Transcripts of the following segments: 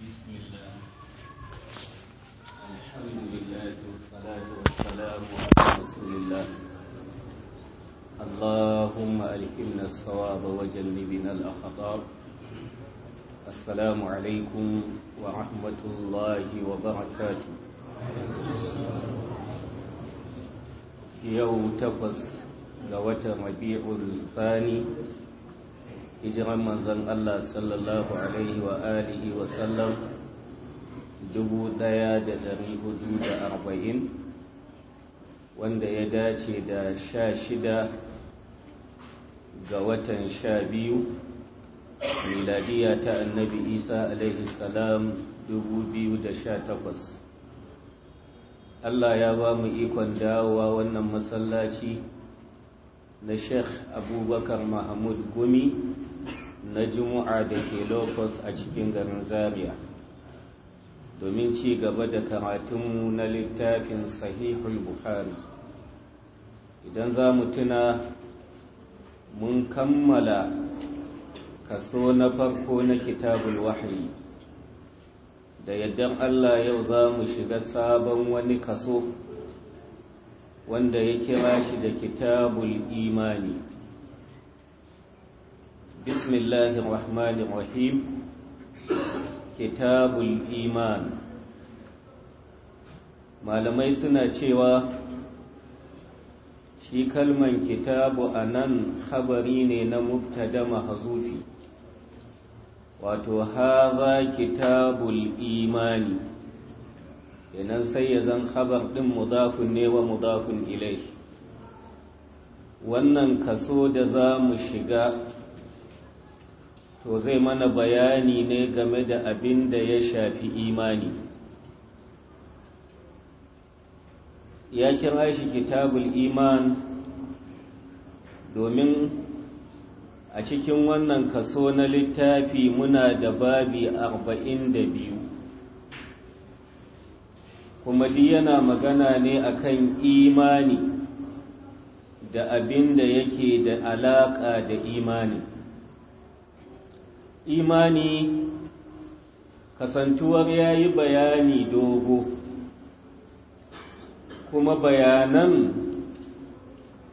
بسم الله الحمد لله والصلاة والسلام على رسول الله اللهم ألهمنا الصواب وجنبنا الأخطاء السلام عليكم ورحمة الله وبركاته يوم تقص لوتر ربيع الثاني hijiran manzon Allah sallallahu alaihi wa alihi wa sallam dubu ɗaya da dari hudu da arba'in wanda ya dace da sha shida ga watan sha biyu miladiya ta annabi isa alaihi salam dubu biyu da sha takwas Allah ya ba mu ikon dawowa wannan masallaci na sheikh abubakar mahmud gumi na juma'a da ke lokos a cikin garin zaria domin ci gaba da karatunmu na littafin sahihul Buhari, idan za mu tuna mun kammala kaso na farko na kitabul wahayi da yaddan allah yau za mu shiga sabon wani kaso wanda ya kira shi da kitabul imani بسم الله الرحمن الرحيم كتاب malamai suna cewa shi kalman kitabu a nan habari ne na mubtada mahazufi wato haza kitabul imani kenan sai ya zan habar ɗin mudafin ne wa mudafin ilai wannan kaso da za mu shiga to zai mana bayani ne game da abin da ya shafi imani ya kira shi kitabul iman domin a cikin wannan kaso na littafi muna da babi arba'in da biyu kuma shi yana magana ne akan imani da abin da yake da alaƙa da imani imani kasantuwar ya yi bayani dogo kuma bayanan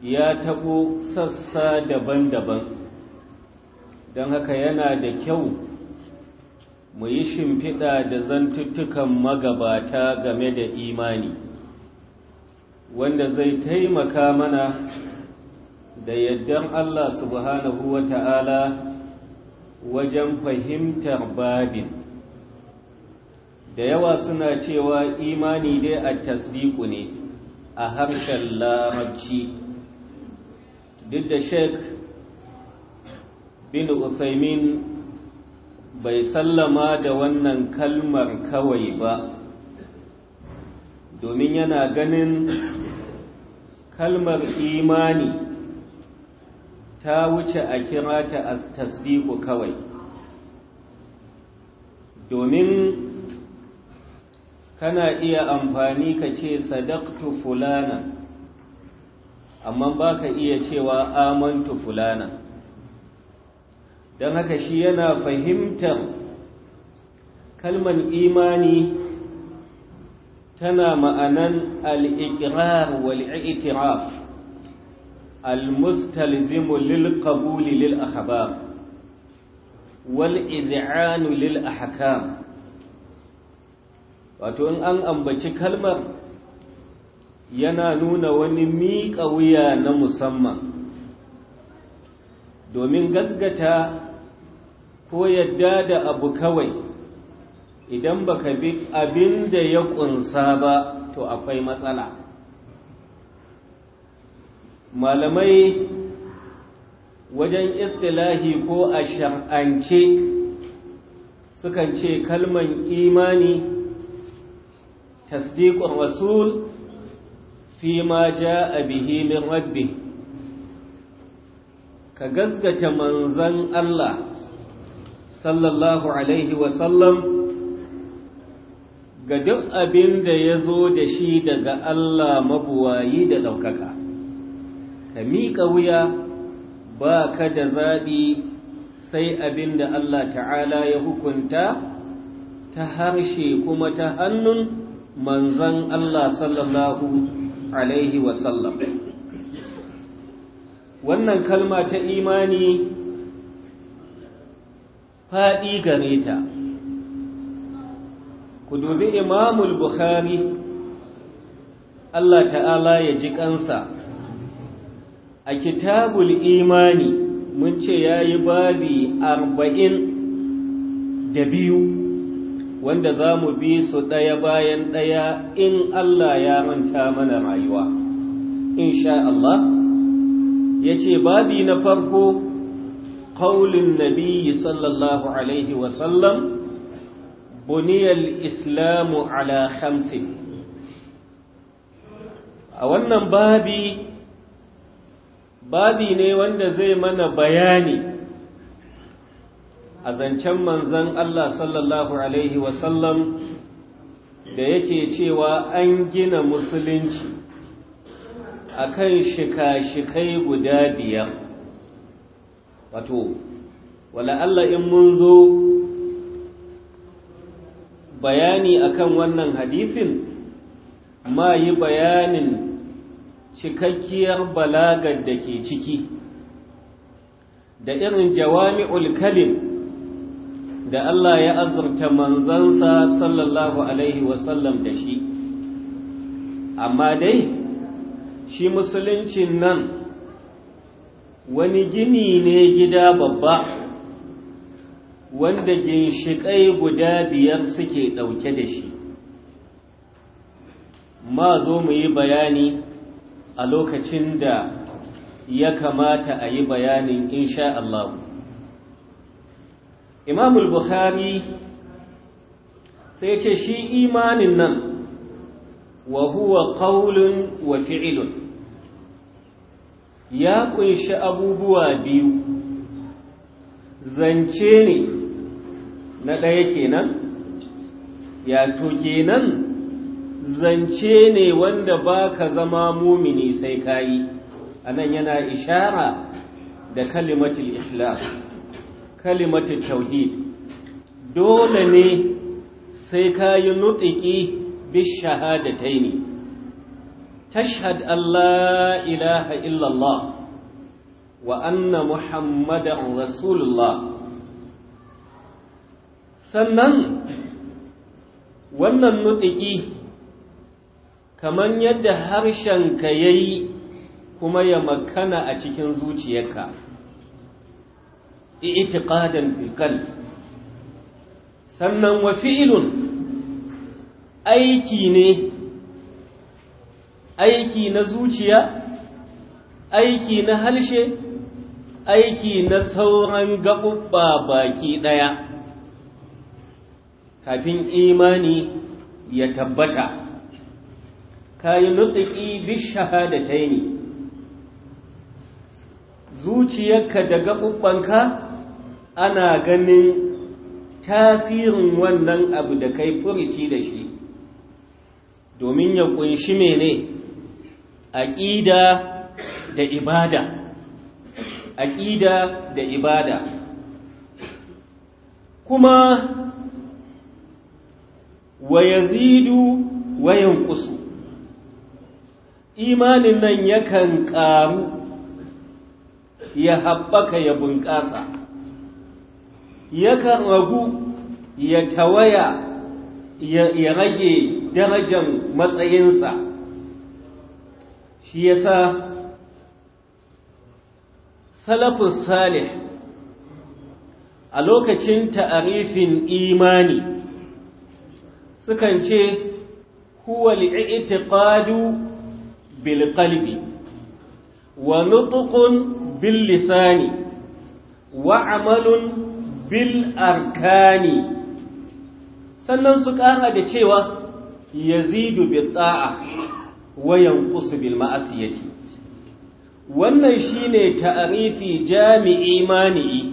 ya tabo sassa daban-daban don haka yana da kyau mu yi shimfiɗa da zantuttukan magabata game da imani wanda zai taimaka mana da yaddan Allah subhanahu wa ta'ala wajen fahimtar babin da yawa suna cewa imani dai a tasdiku ne a harshen larabci duk da sheik bin usaimin bai sallama da wannan kalmar kawai ba domin yana ganin kalmar imani ta wuce a kira ta a tasdiku kawai domin kana iya amfani ka ce sadaktu fulana amma ba ka iya cewa amantu fulana don haka shi yana fahimtar kalman imani tana ma'anan al'ikirar wal'i'tiraf المستلزم للقبول للأخبار والإذعان للأحكام wato in an ambaci kalmar yana nuna wani miƙa wuya na musamman domin gasgata ko yadda da abu kawai idan baka bi abin da ya ƙunsa ba to akwai matsala malamai wajen istilahi ko a sha'ance sukan ce kalman imani tasdiqun rasul fi ma jaa bihi min rabbi ka gaskata manzon Allah sallallahu alaihi wa sallam ga duk abin da ya zo da shi daga Allah mabuwayi da ɗaukaka ka miƙa wuya ba ka da zaɓi sai abin da Allah ta'ala ya hukunta ta harshe kuma ta hannun manzan Allah sallallahu Alaihi wasallam. Wannan kalma ta imani faɗi gare ta. Ku dubi Imamul Bukhari, Allah ta'ala ya ji ƙansa. a kitabul imani mun ce ya yi babi arba'in da biyu wanda za mu bi su ɗaya bayan ɗaya in Allah ya manta mana rayuwa insha Allah ya ce babi na farko ƙaunin nabi sallallahu alaihi wasallam buniyar islamu ala khamsin a wannan babi babi ne wanda zai mana bayani a zancen manzan Allah sallallahu Alaihi wasallam da yake cewa an gina musulunci a kan shika-shikai guda biyar wato wala Allah in mun zo bayani akan wannan hadisin ma yi bayanin cikakkiyar balagar da ke ciki da irin jawami'ul kalim da Allah ya azurta manzansa sallallahu alaihi wasallam da shi amma dai shi musuluncin nan wani gini ne gida babba wanda ginshiƙai guda biyar suke ɗauke da shi ma zo mu yi bayani a lokacin da ya kamata a yi bayanin in insha Allah imamul bukhari sai ce shi imanin nan wa huwa qaulun wa fi'ilun ya kunshi abubuwa biyu zance ne na ɗaya kenan ya to kenan zance ne wanda ba ka zama mumini sai ka yi a nan yana ishara da kalimatul ikhlas kalimatul tauhid dole ne sai ka yi nutiki bishahadataini tashhad Allah ilaha illallah wa anna muhammadan rasulullah sannan wannan nutiki kaman yadda harshenka ya yi kuma ya makana a cikin zuciyarka itiqadan fil sannan wa fi'lun aiki ne aiki na zuciya aiki na halshe aiki na sauran gaɓuɓɓa baki ɗaya kafin imani ya tabbata ka yi da bishahadataini zuciyarka da gaɓuɓɓanka ana ganin tasirin wannan abu da kai furici da shi domin ya ƙunshi mene aƙida da ibada aƙida da ibada kuma wa yazidu wa imanin nan yakan ƙaru ya haɓaka ya bunƙasa yakan ragu ya tawaya ya rage darajan matsayinsa shi yasa salafus salih a lokacin ta'arifin imani sukan ce huwa li'itiqadu bil ƙalbi. Wani nutqun bil lisani wa bil arkani sannan su ƙara da cewa yazidu bi ta'a wa yanqusu bil ma'asiyati wannan shine ta'arifi jami'i mani'i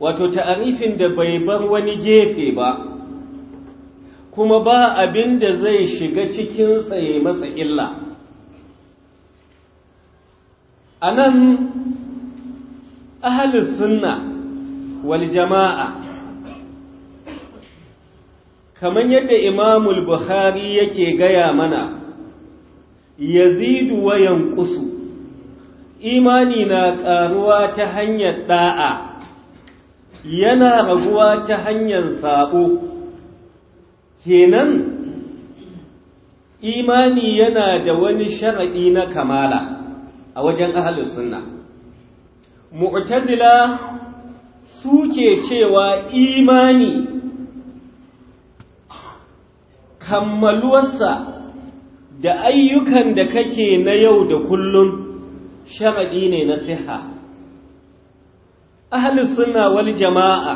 wato ta'arifin da bai bar wani gefe ba kuma ba abin da zai shiga cikin tsaye masa illa a nan ahalin sunna wal jama'a kamar yadda imamul buhari yake gaya mana yazidu wa yankusu imani na ƙaruwa ta hanyar ɗa'a yana raguwa ta hanyar sabo kenan imani yana da wani sharaɗi na kamala a wajen ahalin sunna mu'tazila suke cewa imani kammaluwarsa da ayyukan da kake na yau da kullum sharaɗi ne na siha ahalin suna wal jama'a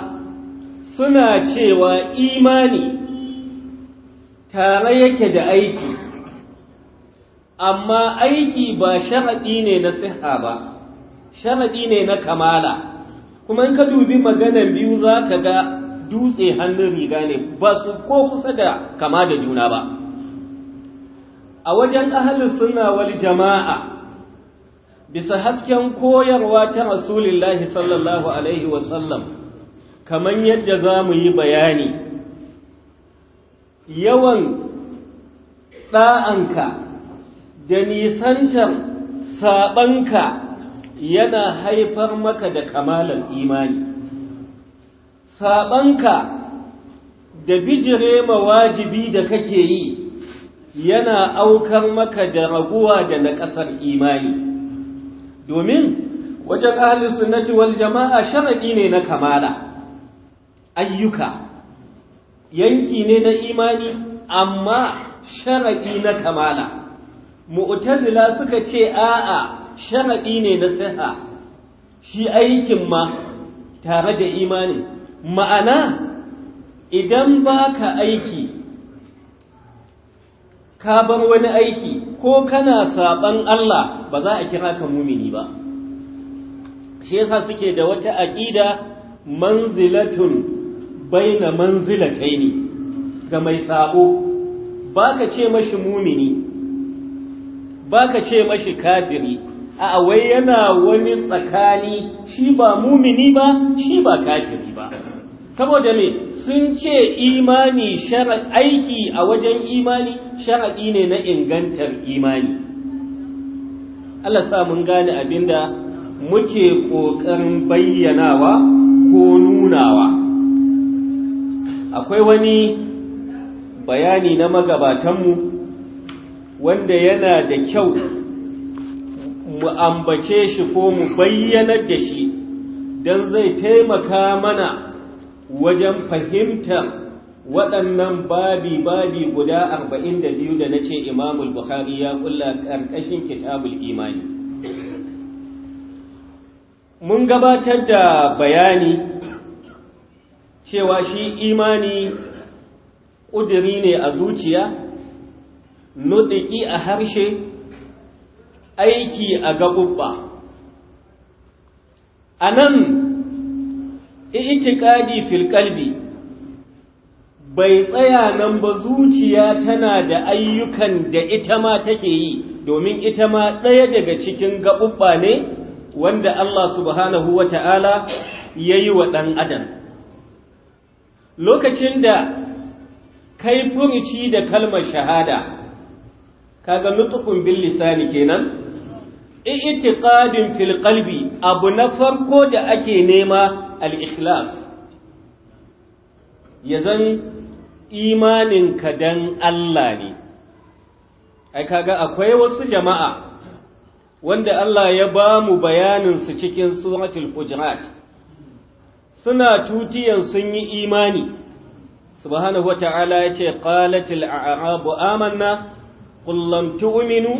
suna cewa imani tare yake da aiki amma aiki ba sharaɗi ne na siha ba sharaɗi ne na kamala kuma in ka dubi maganan biyu za ka ga dutse hannun riga ne ba su ko kusa da kama da juna ba a wajen ahalin suna wal jama'a bisa hasken koyarwa ta Rasulullahi sallallahu alaihi wasallam kamar yadda za mu yi bayani yawan ɗa'anka da nisantar saɓanka yana haifar maka da kamalan imani saɓanka da bijire ma wajibi da kake yi yana aukar maka da raguwa da na ƙasar imani domin wajen ahalin sunnati wal jama'a sharaɗi ne na kamala ayyuka yanki ne na imani amma sharaɗi na kamala mu'tazila suka ce a'a sharadi ne na siha shi aikin ma tare da imani ma'ana idan baka aiki ka bar wani aiki ko kana saban Allah ba za a kira ka mumini ba shi yasa suke da wata aqida manzilatun baina manzilataini ga mai sabo baka ce mashi mumini Ba ka ce mashi kafiri a wai yana wani tsakani shi ba mumini ba shi ba kafiri ba saboda me sun ce imani shara aiki a wajen imani sharaɗi ne na ingantar imani Allah sa mun gane abinda muke ƙoƙarin bayyanawa ko nunawa akwai wani bayani na magabatanmu wanda yana da kyau mu ambace shi ko mu bayyanar da shi don zai taimaka mana wajen fahimtar waɗannan babi-babi guda 42 da na ce imamul buhari ya ƙulla ƙarƙashin kitabul imani mun gabatar da bayani cewa shi imani ƙuduri ne a zuciya nuɗiƙi a harshe aiki a gabubba a nan itikadi fil kalbi bai tsaya nan ba zuciya tana da ayyukan da ita ma take yi domin ita ma ɗaya daga cikin gaɓuɓɓa ne wanda Allah subhanahu wa ta'ala ya yi wa ɗan adam lokacin da kai furici da kalmar shahada kaga nutukun bil lisani kenan i'tiqadin fil qalbi abu na farko da ake nema al ikhlas yazan imanin ka dan Allah ne ai kaga akwai wasu jama'a wanda Allah ya ba mu bayanin su cikin suratul hujurat suna tutiyan sun yi imani subhanahu wata'ala ya ce qalatil a'rabu amanna قل لم تؤمنوا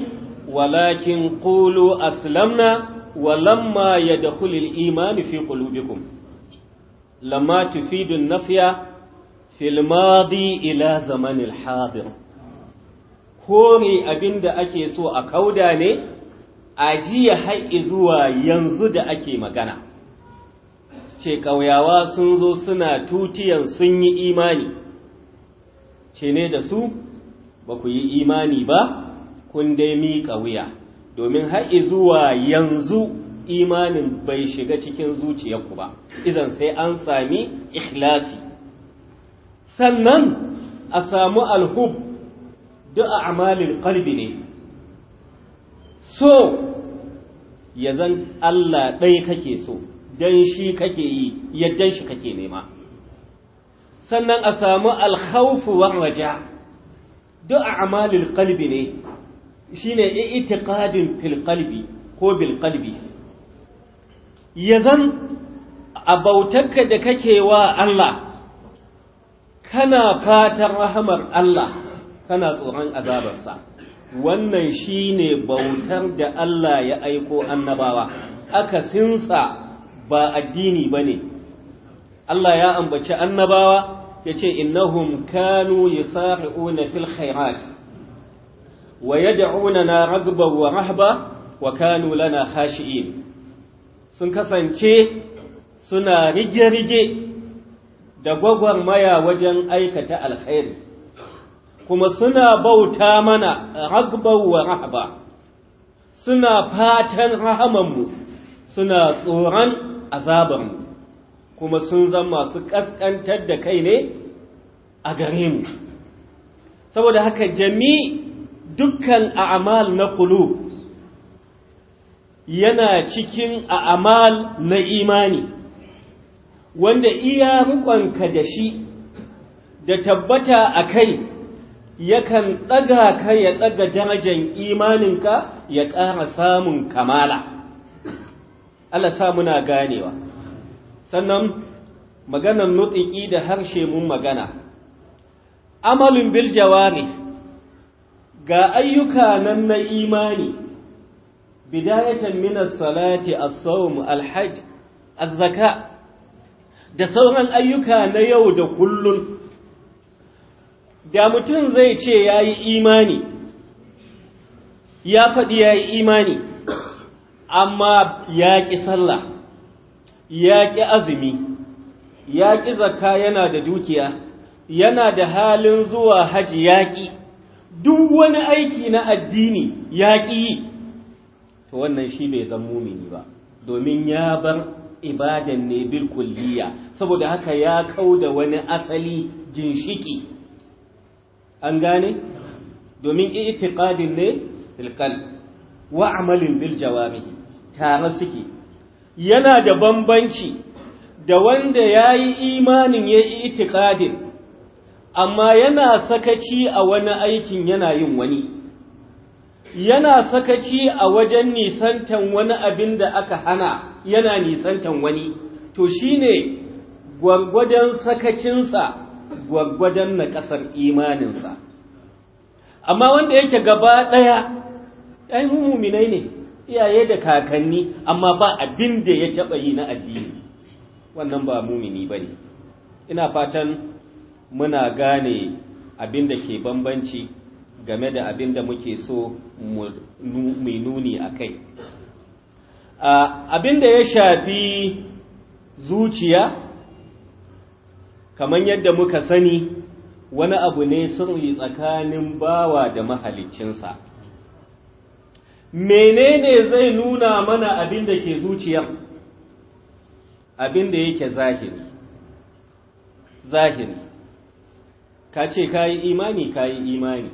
ولكن قولوا أسلمنا ولما يدخل الإيمان في قلوبكم لما تفيد النفي في الماضي إلى زمن الحاضر kore أبن da ake so a kauda ne a jiya har yanzu da ake magana ce ƙauyawa sun zo suna tutiyan sun yi imani ce ne da su ba ku yi imani ba kun dai miƙa wuya domin har zuwa yanzu imanin bai shiga cikin zuciyarku ba idan sai an sami ikhlasi sannan a samu alhub da amalin qalbi ne so ya zan Allah ɗai kake so don shi kake yi yadda shi kake nema sannan a samu alhaufu wa raja' duk a'malul qalbi ne shine i'tiqadin ƙadin qalbi ko bilkalbi qalbi a abautarka da kake wa Allah kana fatan rahamar Allah kana tsoron azabarsa wannan shine bautar da Allah ya aiko annabawa aka sinsa ba addini bane Allah ya ambaci annabawa yace innahum kanu yusari'una fil khairat wa yad'unana na wa rahba wa kanu lana hashi'in. sun kasance suna rige-rige da gwagwarmaya wajen aikata alkhairi kuma suna bauta mana ragban wa rahba suna fatan rahamanmu suna tsoron azabanmu kuma sun zan masu ƙasƙantar da kai ne a gare mu saboda haka jami dukkan a'amal na kulu yana cikin a'amal na imani wanda iya rukonka da shi da tabbata a kai yakan tsaga ka ya tsaga darajar imaninka ya ƙara samun kamala Allah muna ganewa sannan maganar nutiki da harshe mun magana amalin bil jawari ga ayyuka nan na imani bidayatan min as-salati as-sawm al-hajj az-zaka da sauran ayyuka na yau da kullun da mutum zai ce yayi imani ya faɗi yayi imani amma ya ƙi sallah ya ƙi azumi ya ƙi yana da dukiya yana da halin zuwa haji ya ƙi duk wani aiki na addini ya ƙi to wannan shi bai zan mumini ba domin ya bar ibadan ne bil kulliya saboda haka ya da wani asali ginshiki an gane domin itiqadin ne bil qalb wa amalin bil jawabi tare suke yana da bambanci da wanda ya yi imanin ya yi itikadin amma yana sakaci a wani aikin yana yin wani yana sakaci a wajen nisantan wani abin da aka hana yana nisantan wani to shi ne gwaggwadon sakacinsa gwaggwadon na ƙasar imaninsa amma wanda yake gaba ɗaya ɗan muminai ne iyaye da kakanni amma ba abin da ya taɓa yi na addini wannan ba mumini ba ne ina fatan muna gane abin da ke bambanci game da abin da muke so mai nuni a kai abin da ya shafi zuciya kamar yadda muka sani wani abu ne yi tsakanin bawa da mahaliccinsa menene zai nuna mana abin da ke zuciyar abin da yake zahiri zahiri ka ce ka yi imani ka yi imani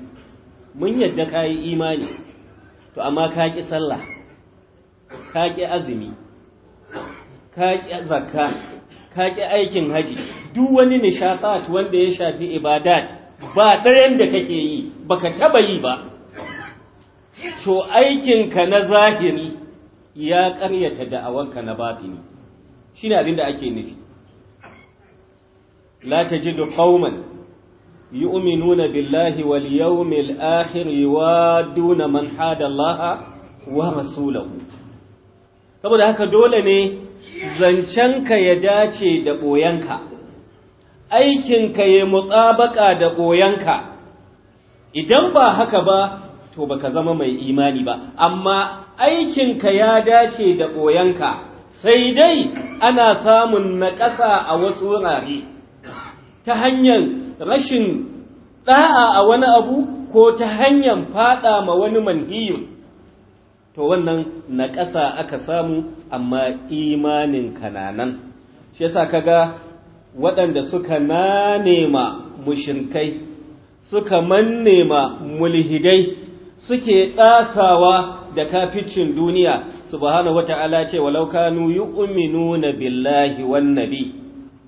mun yadda ka yi imani to amma ka ƙi sallah ka ƙi azumi ka ƙi zakka ka ƙi aikin haji duk wani nishafat wanda ya shafi ibadat ba ɗayan da kake yi baka taba yi ba to aikinka na zahiri ya ƙaryata da'awanka na batini shine abin da ake nufi la tajidu qauman yu'minuna billahi wal yawmil akhir yuwaduna man hada Allah wa rasulahu saboda haka dole ne zancenka ya dace da boyanka aikinka ya mutsabaka da boyanka idan ba haka ba to baka zama mai imani ba amma aikinka ya dace da ɓoyanka sai dai ana samun naƙasa a wasu wurare ta hanyar rashin ɗa'a a wani abu ko ta hanyar faɗa ma wani manhiyu. to wannan naƙasa aka samu amma imanin kananan shi yasa kaga waɗanda suka nanema mushinkai suka mannema mulhigai suke ɗasawa da kaficin duniya subhanahu wata'ala ce walau kanu yu'minuna billahi wan nabi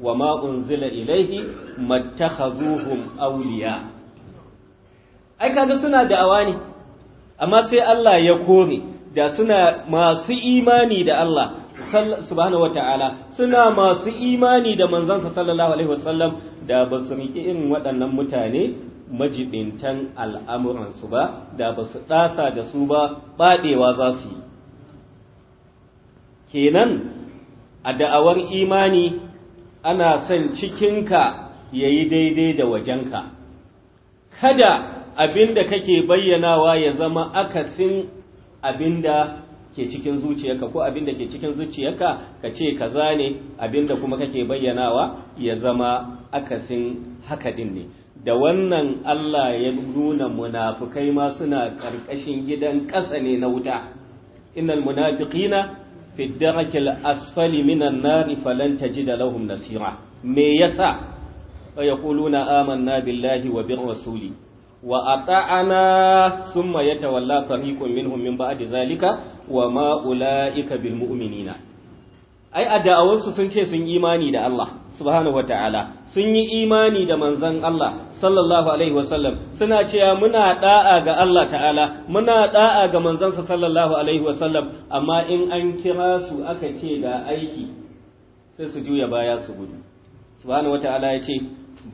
wa ma unzila ilaihi mattakhazuhum awliya ai kaga suna da awani. amma sai Allah ya kore da suna masu imani da Allah subhanahu wata'ala suna masu imani da manzansa sallallahu alaihi wasallam da basu miki irin waɗannan mutane majibintan al'amuransu ba da ba su ɗasa da su ba ɓaɗewa za su yi kenan a da'awar imani ana son cikinka ya yi daidai da wajenka kada abin da kake bayyanawa ya zama akasin abin da ke cikin zuciyarka ko abin da ke cikin zuciyarka ka ce kaza ne abin da kuma kake bayyanawa ya zama akasin haka din ne da wannan Allah ya nuna munafukai ma suna ƙarƙashin gidan ƙasa ne na wuta innal munafiqina fi darakil asfali minan nari falan tajida lahum nasira me yasa fa yaquluna amanna billahi wa bir rasuli wa ata'ana summa yatawalla fariqun minhum min ba'di zalika wa ma ulaika bil mu'minina ai a da'awarsu sun ce sun imani da Allah subhanahu wata'ala sun yi imani da manzon Allah sallallahu alaihi wasallam suna cewa muna da'a ga Allah ta'ala muna da'a ga manzansa sallallahu alaihi wasallam amma in an kira su aka ce ga aiki sai su juya baya su gudu subhanahu wata'ala ya ce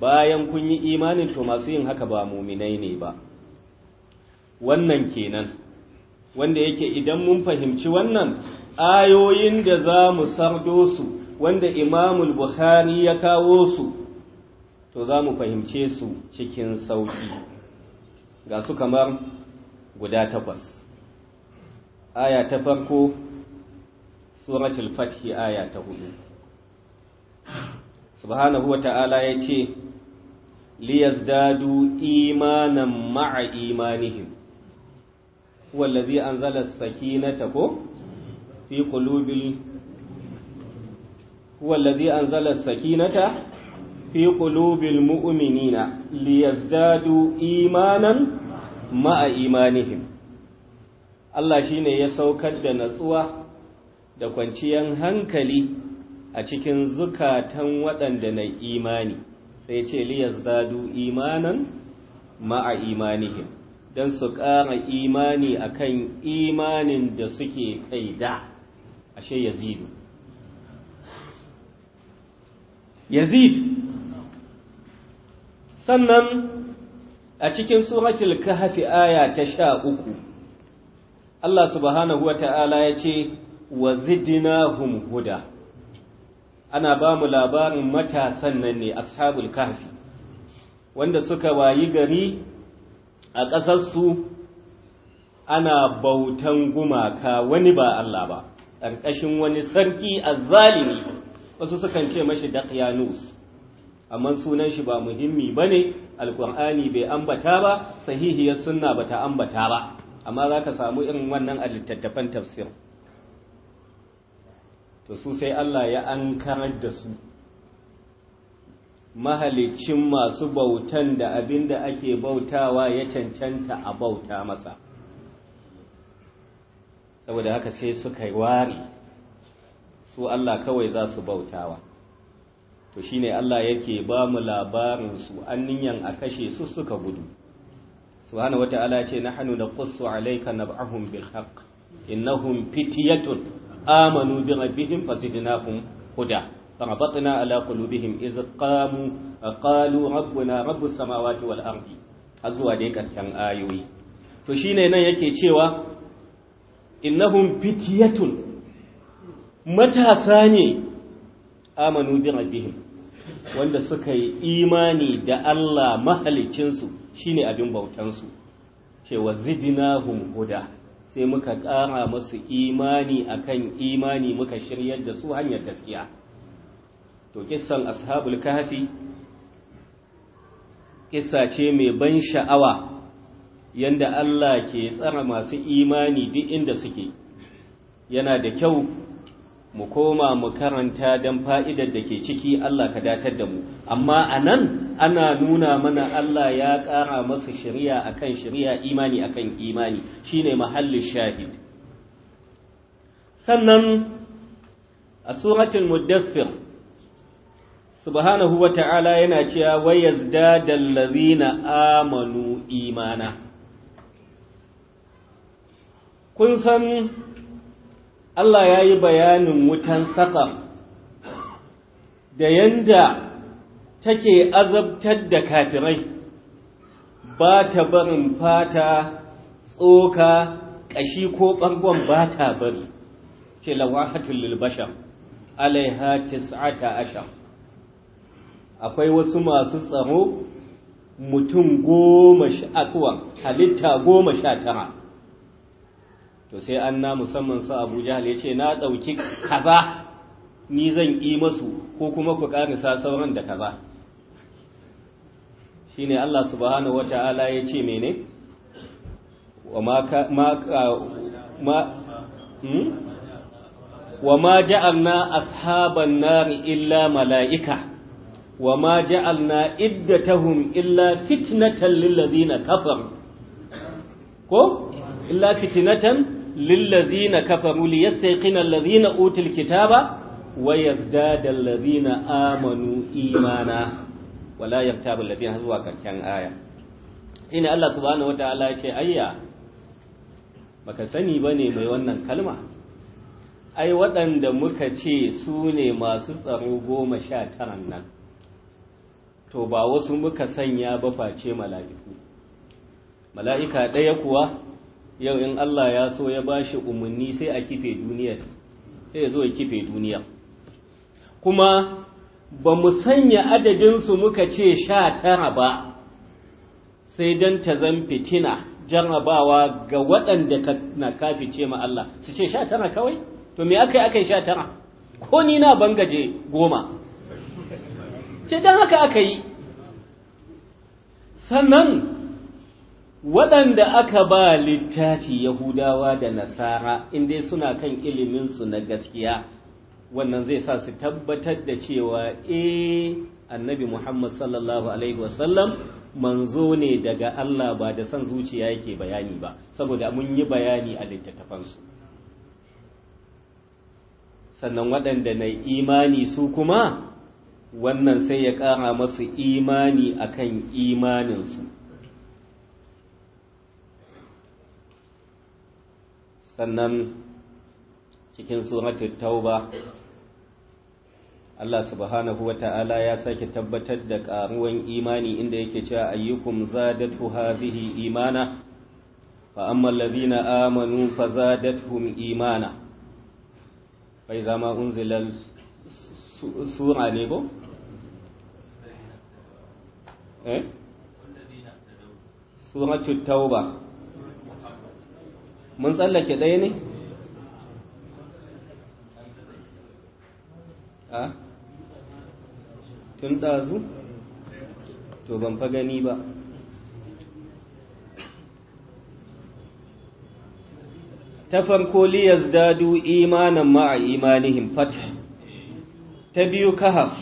bayan kun yi imanin to masu yin haka ba muminai ne ba wannan kenan wanda yake idan mun fahimci wannan ayoyin da za mu sardo su wanda imamul bukhari ya kawo su to za mu fahimce su cikin sauki ga su kamar guda takwas aya ta farko suratul fathi aya ta hudu subhanahu wa ta'ala ya ce liyazdadu imanan ma'a imanihim wallazi anzala sakinata ko fi qulubil wallazi anzala sakinata fi qulubil mu'minina liyazdadu imanan ma'a imanihim Allah shine ya saukar da natsuwa da kwanciyan hankali a cikin zukatan waɗanda na imani sai ce liyazdadu imanan ma'a imanihim don su ƙara imani a kan imanin da suke kai da ashe yazidu yazid sannan a cikin suratul kahfi aya ta sha uku Allah subhanahu wa ta'ala ya ce wa zidnahum huda ana ba mu labarin matasan nan ne ashabul kahfi wanda suka wayi gari a ƙasarsu ana bautan gumaka wani ba Allah ba ƙarƙashin wani sarki azzalimi wasu sukan ce mashi daqiyanus amma sunan shi ba muhimmi ba ne, Alƙur'ani bai ambata ba sahihiyar sunna ba ta ambata ba amma za ka samu irin wannan a littattafan tafsir to su sai Allah ya ankarar da su mahalicin masu bautan da abin da ake bautawa ya cancanta a bauta masa saboda haka sai suka yi wari su Allah kawai za su bautawa to shi ne Allah yake ba mu labarin su niyan a kashe su suka gudu subhanahu ta'ala ce na hannu da kusa alaika na ba'ahun haqq innahum fitiyatun amanu bi rabbihim fasidnahum huda فربطنا على قلوبهم إذ قاموا قالوا ربنا رب السماوات والأرض أزوا ديك كان آيوي to shine nan yake cewa innahum fityatun matasa ne amanu bi rabbihim wanda suka yi imani da Allah mahalicinsu shine abin bautansu cewa zidnahum huda sai muka ƙara musu imani akan imani muka shiryar da su hanyar gaskiya to kissan ashabul kafi. kissa ce mai ban sha'awa yanda Allah ke tsara masu imani duk inda suke yana da kyau mu koma mu karanta don fa'idar da ke ciki Allah ka datar da mu amma a nan ana nuna mana Allah ya ƙara masu shari'a akan shari'a imani akan imani shine mahallin shahid sannan a suratul muddaffir subhanahu wa ta'ala yana cewa wai ya wayaz dadal lazina amanu imana kun san Allah ya yi bayanin wutan saƙa da yanda take azabtar da kafirai ba ta barin fata tsoka ƙashi ko ɓangon ba ta bari ce lawahatul lilbashar alaiha tis'ata ashar akwai wasu masu tsaro mutum goma tuwa halitta goma sha tara to sai an na musamman sa abu ce na ɗauki kaza ni zan yi masu ko kuma ku ƙarisa sauran da kaza shi ne Allah subhanahu ala ya ce mene wa ma hmm? na ashaban nari illa mala'ika wa ma ja'alna iddatahum illa fitnatan lil ladina kafaru ko illa fitnatan lil ladina kafaru liyastaqina alladhina utul kitaba wa yazdada amanu imana wala yartabu alladhina zuwa karshen aya ina Allah ce ayya baka sani bane mai wannan kalma ai waɗanda muka ce su ne masu tsaro goma sha tara nan to ba wasu muka sanya ba face mala'iku mala'ika ɗaya kuwa yau in Allah ya so ya bashi umarni sai a kife duniya sai ya zo ya kife duniya kuma ba mu sanya adadinsu muka ce sha tara ba sai dan ta zan fitina jarrabawa ga waɗanda na kafice ma Allah su ce sha tara kawai to me aka yi aka sha tara ko ni na bangaje goma ce don haka aka yi sannan waɗanda aka ba littafi yahudawa da nasara inda suna kan iliminsu na gaskiya wannan zai sa su tabbatar da cewa eh annabi muhammad sallallahu alaihi wasallam manzo ne daga allah ba da son zuciya yake bayani ba saboda mun yi bayani a littattafansu sannan waɗanda na imani su kuma wannan sai ya ƙara masu imani akan imaninsu sannan cikin suratul tauba Allah subhanahu wa ta'ala ya sake tabbatar da ƙaruwan imani inda yake cewa ayyukum zadatu hadhihi imana fa amma allazina amanu fa zadatuhum imana fa idza ma unzilal sura ne ko eh suratul tauba mun tsallake ɗaya ne a tun ɗazu to ban fa gani ba ta farko liyas dadu imanin ma'a imanihim fatah ta biyu kahaf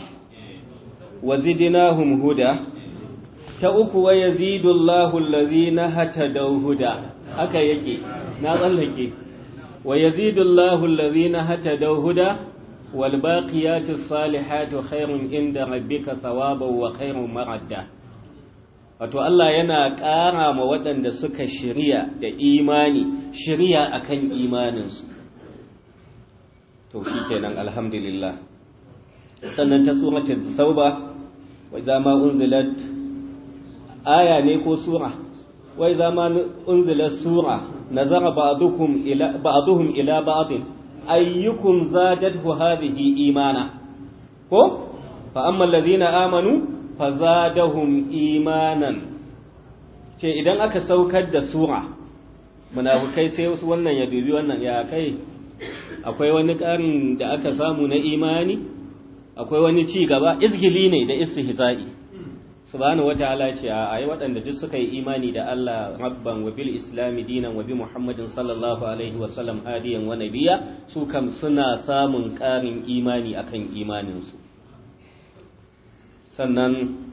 wa zidnahum huda ta uku wa yazidullahu allazina hatadaw huda haka yake na tsallake wa yazidullahu allazina hatadaw huda wal salihatu khairun inda rabbika thawaban wa khairun maradda wato Allah yana ƙara ma waɗanda suka shirya da imani shirya akan imaninsu to shi kenan alhamdulillah sannan ta suratul sauba wa idza ma unzilat aya ne ko sura wa idza ma unzilat sura nazara ba'dukum ila ba'duhum ila ba'd ayyukum zadathu hadhihi imana ko fa amma alladhina amanu fazadahum imanan ce idan aka saukar da sura munafukai sai wannan ya dubi wannan ya kai akwai wani ƙarin da aka samu na imani akwai wani ci gaba izgili ne da istihza'i subhanahu wata ce a ayi waɗanda duk suka yi imani da Allah rabban wa bil islami dinan wa bi muhammadin sallallahu alaihi wa sallam hadiyan wa nabiyya su kam suna samun ƙarin imani akan imanin su sannan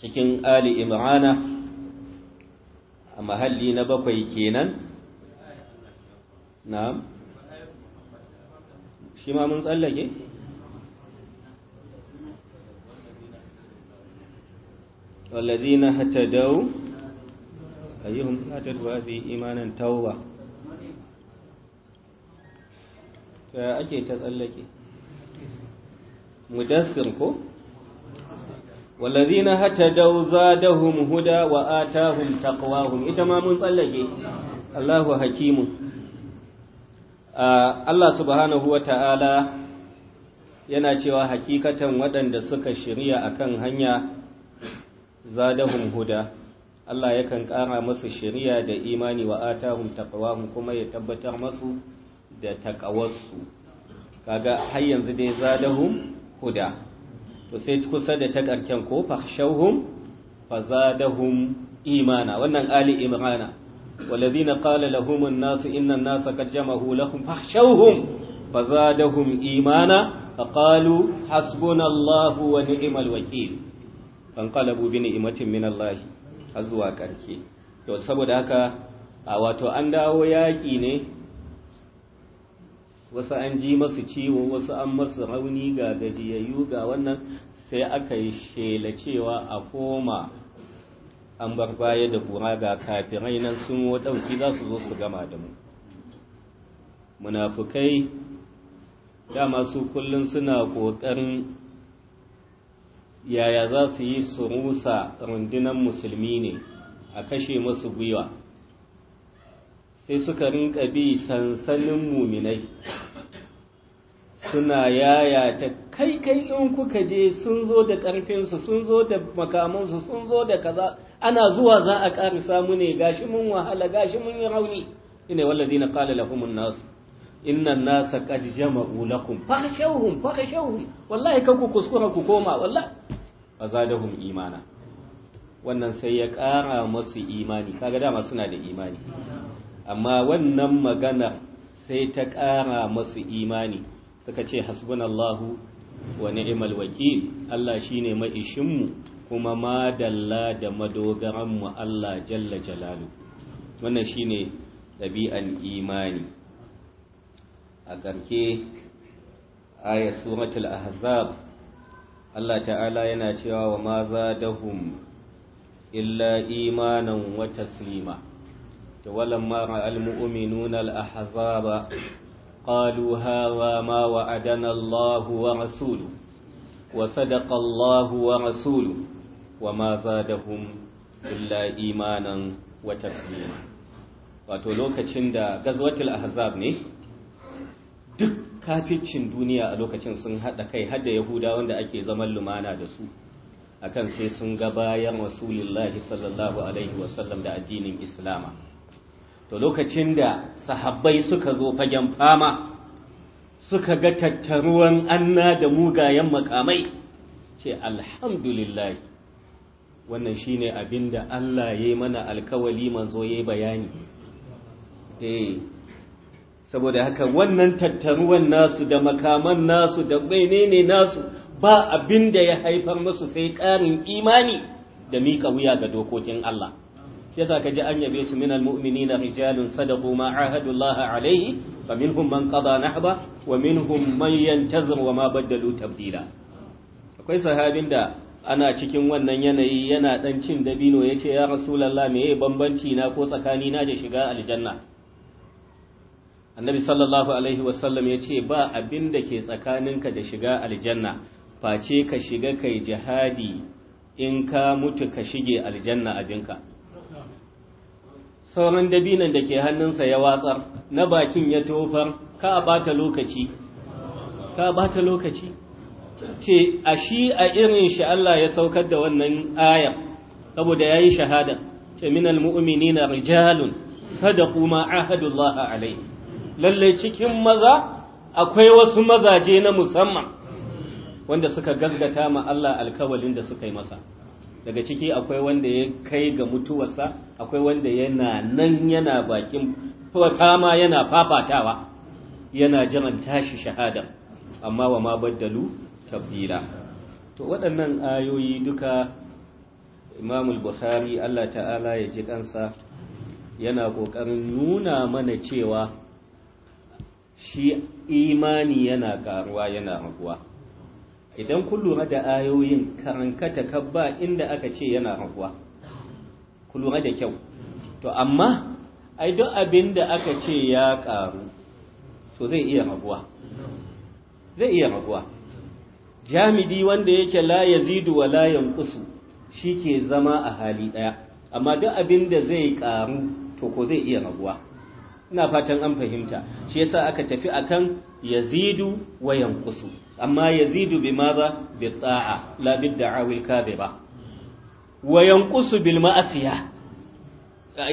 cikin ali imrana a mahalli na bakwai kenan na'am shi ma mun tsallake والذين هتدوا أيهم هتدوا هذه إيمانا توبة فأجي تسألك مدثر كو والذين هتدوا زادهم هدى وآتاهم تقواهم إتما من تسألك الله حكيم Allah subhanahu wa ta'ala yana cewa hakikatan waɗanda suka shirya akan hanya zadahum huda Allah yakan ƙara masu shari'a da imani wa atahum taqwahum kuma ya tabbatar masu da taqawarsu kaga har yanzu dai zadahum huda to sai kusa da ta karken ko fahshawhum fazadahum imana wannan ali imrana walladhina qala lahum an-nas inna an-nasa qad jama'u lahum fahshawhum fazadahum imana faqalu hasbunallahu wa ni'mal wakeel an qalabu bi ni'matin min Allah har zuwa karke to saboda haka a wato an dawo yaki ne wasu an ji masu ciwo wasu an masu rauni ga gajiyayyu ga wannan sai aka yi shela cewa a koma an bar baya da kura ga kafirai nan sun wo ɗauki za su zo su gama da mu munafukai dama su kullum suna ƙoƙarin yaya za su yi su rusa rundunan musulmi ne a kashe masu gwiwa sai suka rinka bi sansanin muminai suna yaya ta kai kai in kuka je sun zo da ƙarfinsu sun zo da makamansu sun zo da kaza ana zuwa za a ƙarisa mu ne gashi mun wahala gashi mun yi rauni ina wallazi na ƙala lahumun nasu innan nasa qad jama'u lakum fakhshawhum fakhshawhum wallahi kanku kuskura ku koma wallahi azadahum imana wannan sai ya ƙara musu imani kaga dama suna da imani amma wannan magana sai ta ƙara musu imani suka ce hasbunallahu wa ni'mal wakil Allah shine maishinmu kuma madalla da madogaran mu Allah jalla jalalu wannan shine ɗabi'an imani a garke ayat suratul ahzab Allah ta'ala yana cewa wa ma zadahum illa imanan wa taslima to walamma ra'al mu'minuna al ahzaba قالوا هذا ما وعدنا wa ورسوله وصدق الله ورسوله وما زادهم إلا إيمانا wato lokacin da gazwatul ahzab ne kaficin duniya a lokacin sun haɗa kai har da yahuda wanda ake zaman lumana da su akan sai sun ga bayan rasulullahi sallallahu alaihi wasallam da addinin islama to lokacin da sahabbai suka zo fagen fama suka ga tattaruwan anna da mugayen makamai ce alhamdulillah wannan shine abinda Allah ya yi mana alkawali manzo ya yi bayani eh saboda haka wannan tattaruwan nasu da makaman nasu da ne nasu ba abin da ya haifar musu sai ƙarin imani da miƙa wuya ga dokokin Allah yasa ka ji an yabe su minal mu'minina rijalun sadaqu ma ahadu Allah alayhi fa minhum man qada nahba wa minhum man yantazir wa ma badalu tabdila akwai sahabin da ana cikin wannan yanayi yana dan cin dabino yace ya rasulullah meye bambanci na ko tsakani na da shiga aljanna annabi sallallahu alaihi wasallam ya ce ba abin da ke tsakaninka da shiga aljanna face ka shiga kai jihadi in ka mutu ka shige aljanna abinka sauran dabinan da ke hannunsa ya watsar na bakin ya tofar ka bata lokaci ka bata lokaci ce a shi a irin shi Allah ya saukar da wannan ayar saboda yayi shahada ce minal mu'minina rijalun sadaqu ma ahadullahi alaihi lalle cikin maza akwai wasu mazaje na musamman wanda suka gaggata ma Allah alkawalin da suka yi masa daga ciki akwai wanda ya kai ga mutuwarsa akwai wanda yana nan yana bakin fama yana fafatawa yana jiran tashi shahada amma wa ma baddalu tabdila to waɗannan ayoyi duka imamul bukhari Allah ta'ala ya ji kansa yana ƙoƙarin nuna mana cewa shi imani yana karuwa yana raguwa idan kun lura da ayoyin karankata kabba inda aka ce yana raguwa ku lura da kyau to amma ai duk abin da aka ce ya karu to zai iya raguwa zai iya raguwa jamidi wanda yake la yazidu wa la yanqusu shike zama a hali daya amma duk abin da zai karu to ko zai iya raguwa ina fatan an fahimta shi yasa aka tafi akan yazidu wa yanqusu amma yazidu bi maza bi ta'a la bi al kadhiba wa yanqusu bil ma'asiya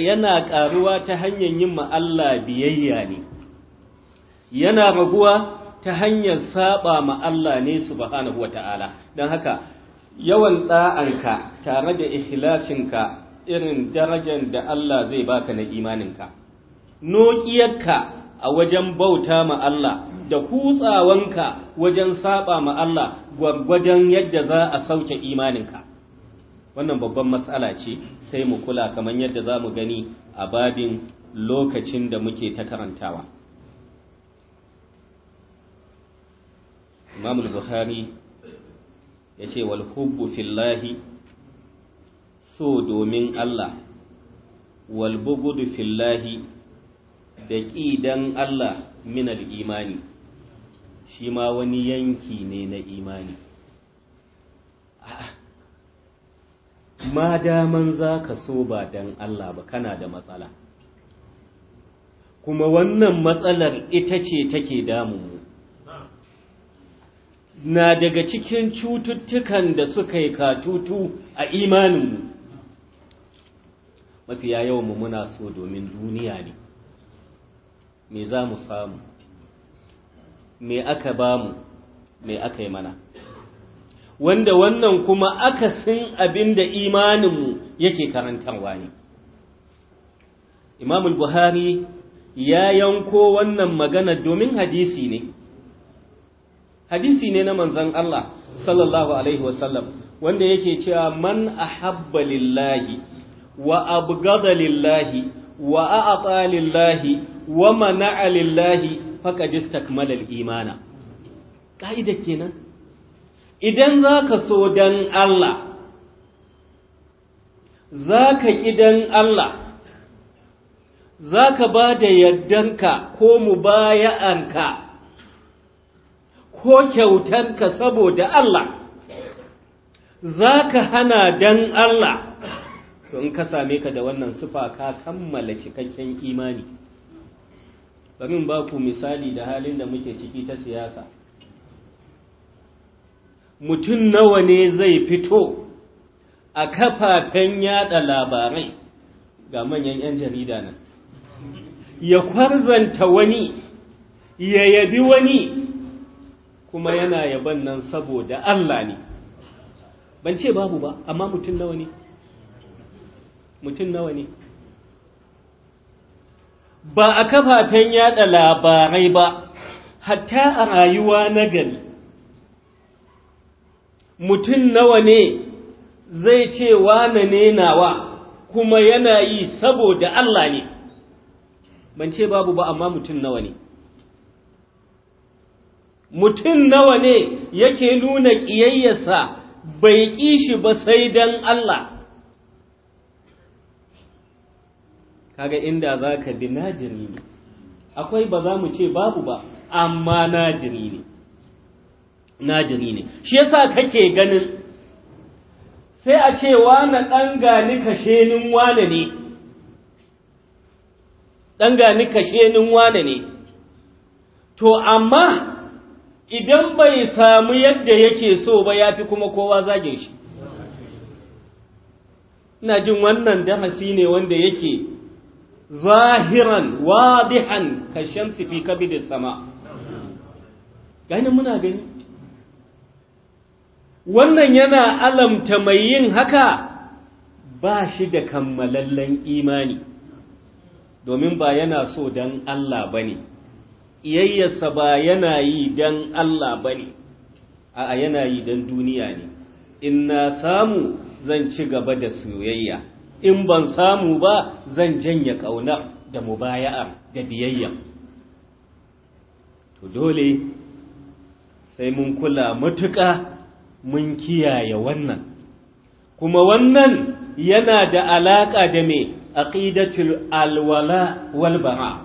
yana karuwa ta hanyar yin ma biyayya ne yana raguwa ta hanyar saba ma Allah ne subhanahu wata'ala dan haka yawan da'anka tare da ikhlasinka irin darajar da Allah zai baka na imaninka noƙiyarka a wajen bauta ma Allah da kutsawanka wajen saba ma Allah gwaggwadon yadda za a sauke imaninka wannan babban matsala ce sai mu kula kamar yadda za mu gani a babin lokacin da muke ta karantawa imam bukhari ya ce wal hubbu fillahi so domin Allah wal fillahi da ƙidan Allah minal imani shi ma wani yanki ne na imani ma daman za ka so ba don Allah ba kana da matsala kuma wannan matsalar ita ce take mu. na daga cikin cututtukan da suka yi katutu a imaninmu mafiya yawanmu muna so domin duniya ne me za mu samu me aka ba mu me aka yi mana wanda wannan kuma aka akasin abin da imaninmu yake karantarwa ne imamul buhari ya yanko wannan magana domin hadisi ne hadisi ne na manzan Allah sallallahu alaihi wasallam wanda yake cewa man ahabba lillahi wa abgada lillahi wa a'ata lillahi wa mana'a lillahi faka istakmala al-imana kaida kenan idan zaka so dan Allah zaka idan Allah zaka bada yaddanka ko mubaya'anka ko kyautanka saboda Allah zaka hana dan Allah to in ka same ka da wannan sifa ka kammala cikakken imani bamin ba ku misali da halin da muke ciki ta siyasa mutum nawa ne zai fito a kafafen yada labarai ga manyan 'yan jarida nan ya kwarzanta wani ya yabi wani kuma yana yaban nan saboda Allah ne ban ce babu ba amma mutum nawa ne mutum nawa ne ba a kafafen yada labarai ba hatta a rayuwa na gari mutum nawa ne zai ce wane ne nawa kuma yana yi saboda Allah ne ban ce babu ba amma mutum nawa ne mutum nawa ne yake nuna ƙiyayyarsa bai ƙi shi ba sai don Allah kaga inda za ka bi na jini ne akwai ba za mu ce babu ba amma na jini ne na jini ne shi yasa kake ganin sai a ce wane ɗan gani kashenin wane ne ɗan gani kashenin wane ne to amma idan bai samu yadda yake so ba ya fi kuma kowa zagin shi ina jin wannan damasi ne wanda yake zahiran wadihan ka shamsi fi kabidin sama gani muna gani wannan yana alamta mai yin haka ba shi da kammalallen imani domin ba yana so don Allah ba ne iyayyarsa ba yana yi don Allah ba ne a yana yi don duniya ne in na samu zan ci gaba da soyayya in ban samu ba zan janye ƙaunar da mubaya'ar da biyayya to dole sai mun kula matuƙa mun kiyaye wannan kuma wannan yana da alaƙa da mai aƙidatul alwala walbara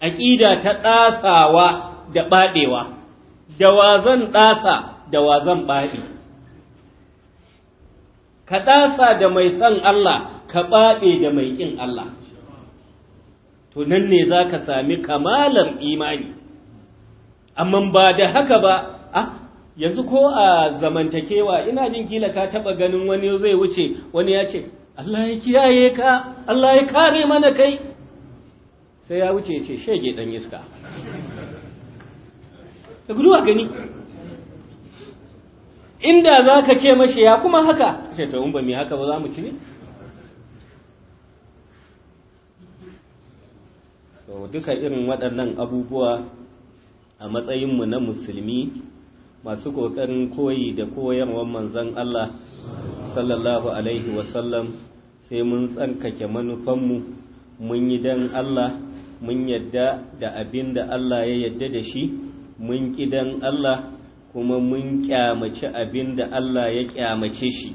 aƙida ta ɗasawa da ɓaɗewa da wa zan ɗasa da wa zan ɓaɗe ka ɗasa da mai son Allah ka ɓaɓe da mai ƙin Allah to nan ne za ka sami kamalar imani amma ba da haka ba a ah, yanzu ko a zamantakewa ina jin kila ka taɓa ganin wani zai wuce wani ya ce Allah ya kiyaye ka Allah ya kare mana kai sai ya wuce ce shege ɗan iska gudu a gani inda za ka ce mashi ya kuma haka ce ta umba mai haka ba za mu ci ne so duka irin waɗannan abubuwa a matsayinmu na musulmi masu ƙoƙarin koyi da koyarwar manzan Allah sallallahu alaihi wasallam sai mun tsankake manufanmu mun yi don Allah mun yadda da abin da Allah ya yadda da shi mun ƙi don Allah kuma mun kyamaci abin da Allah ya kyamace shi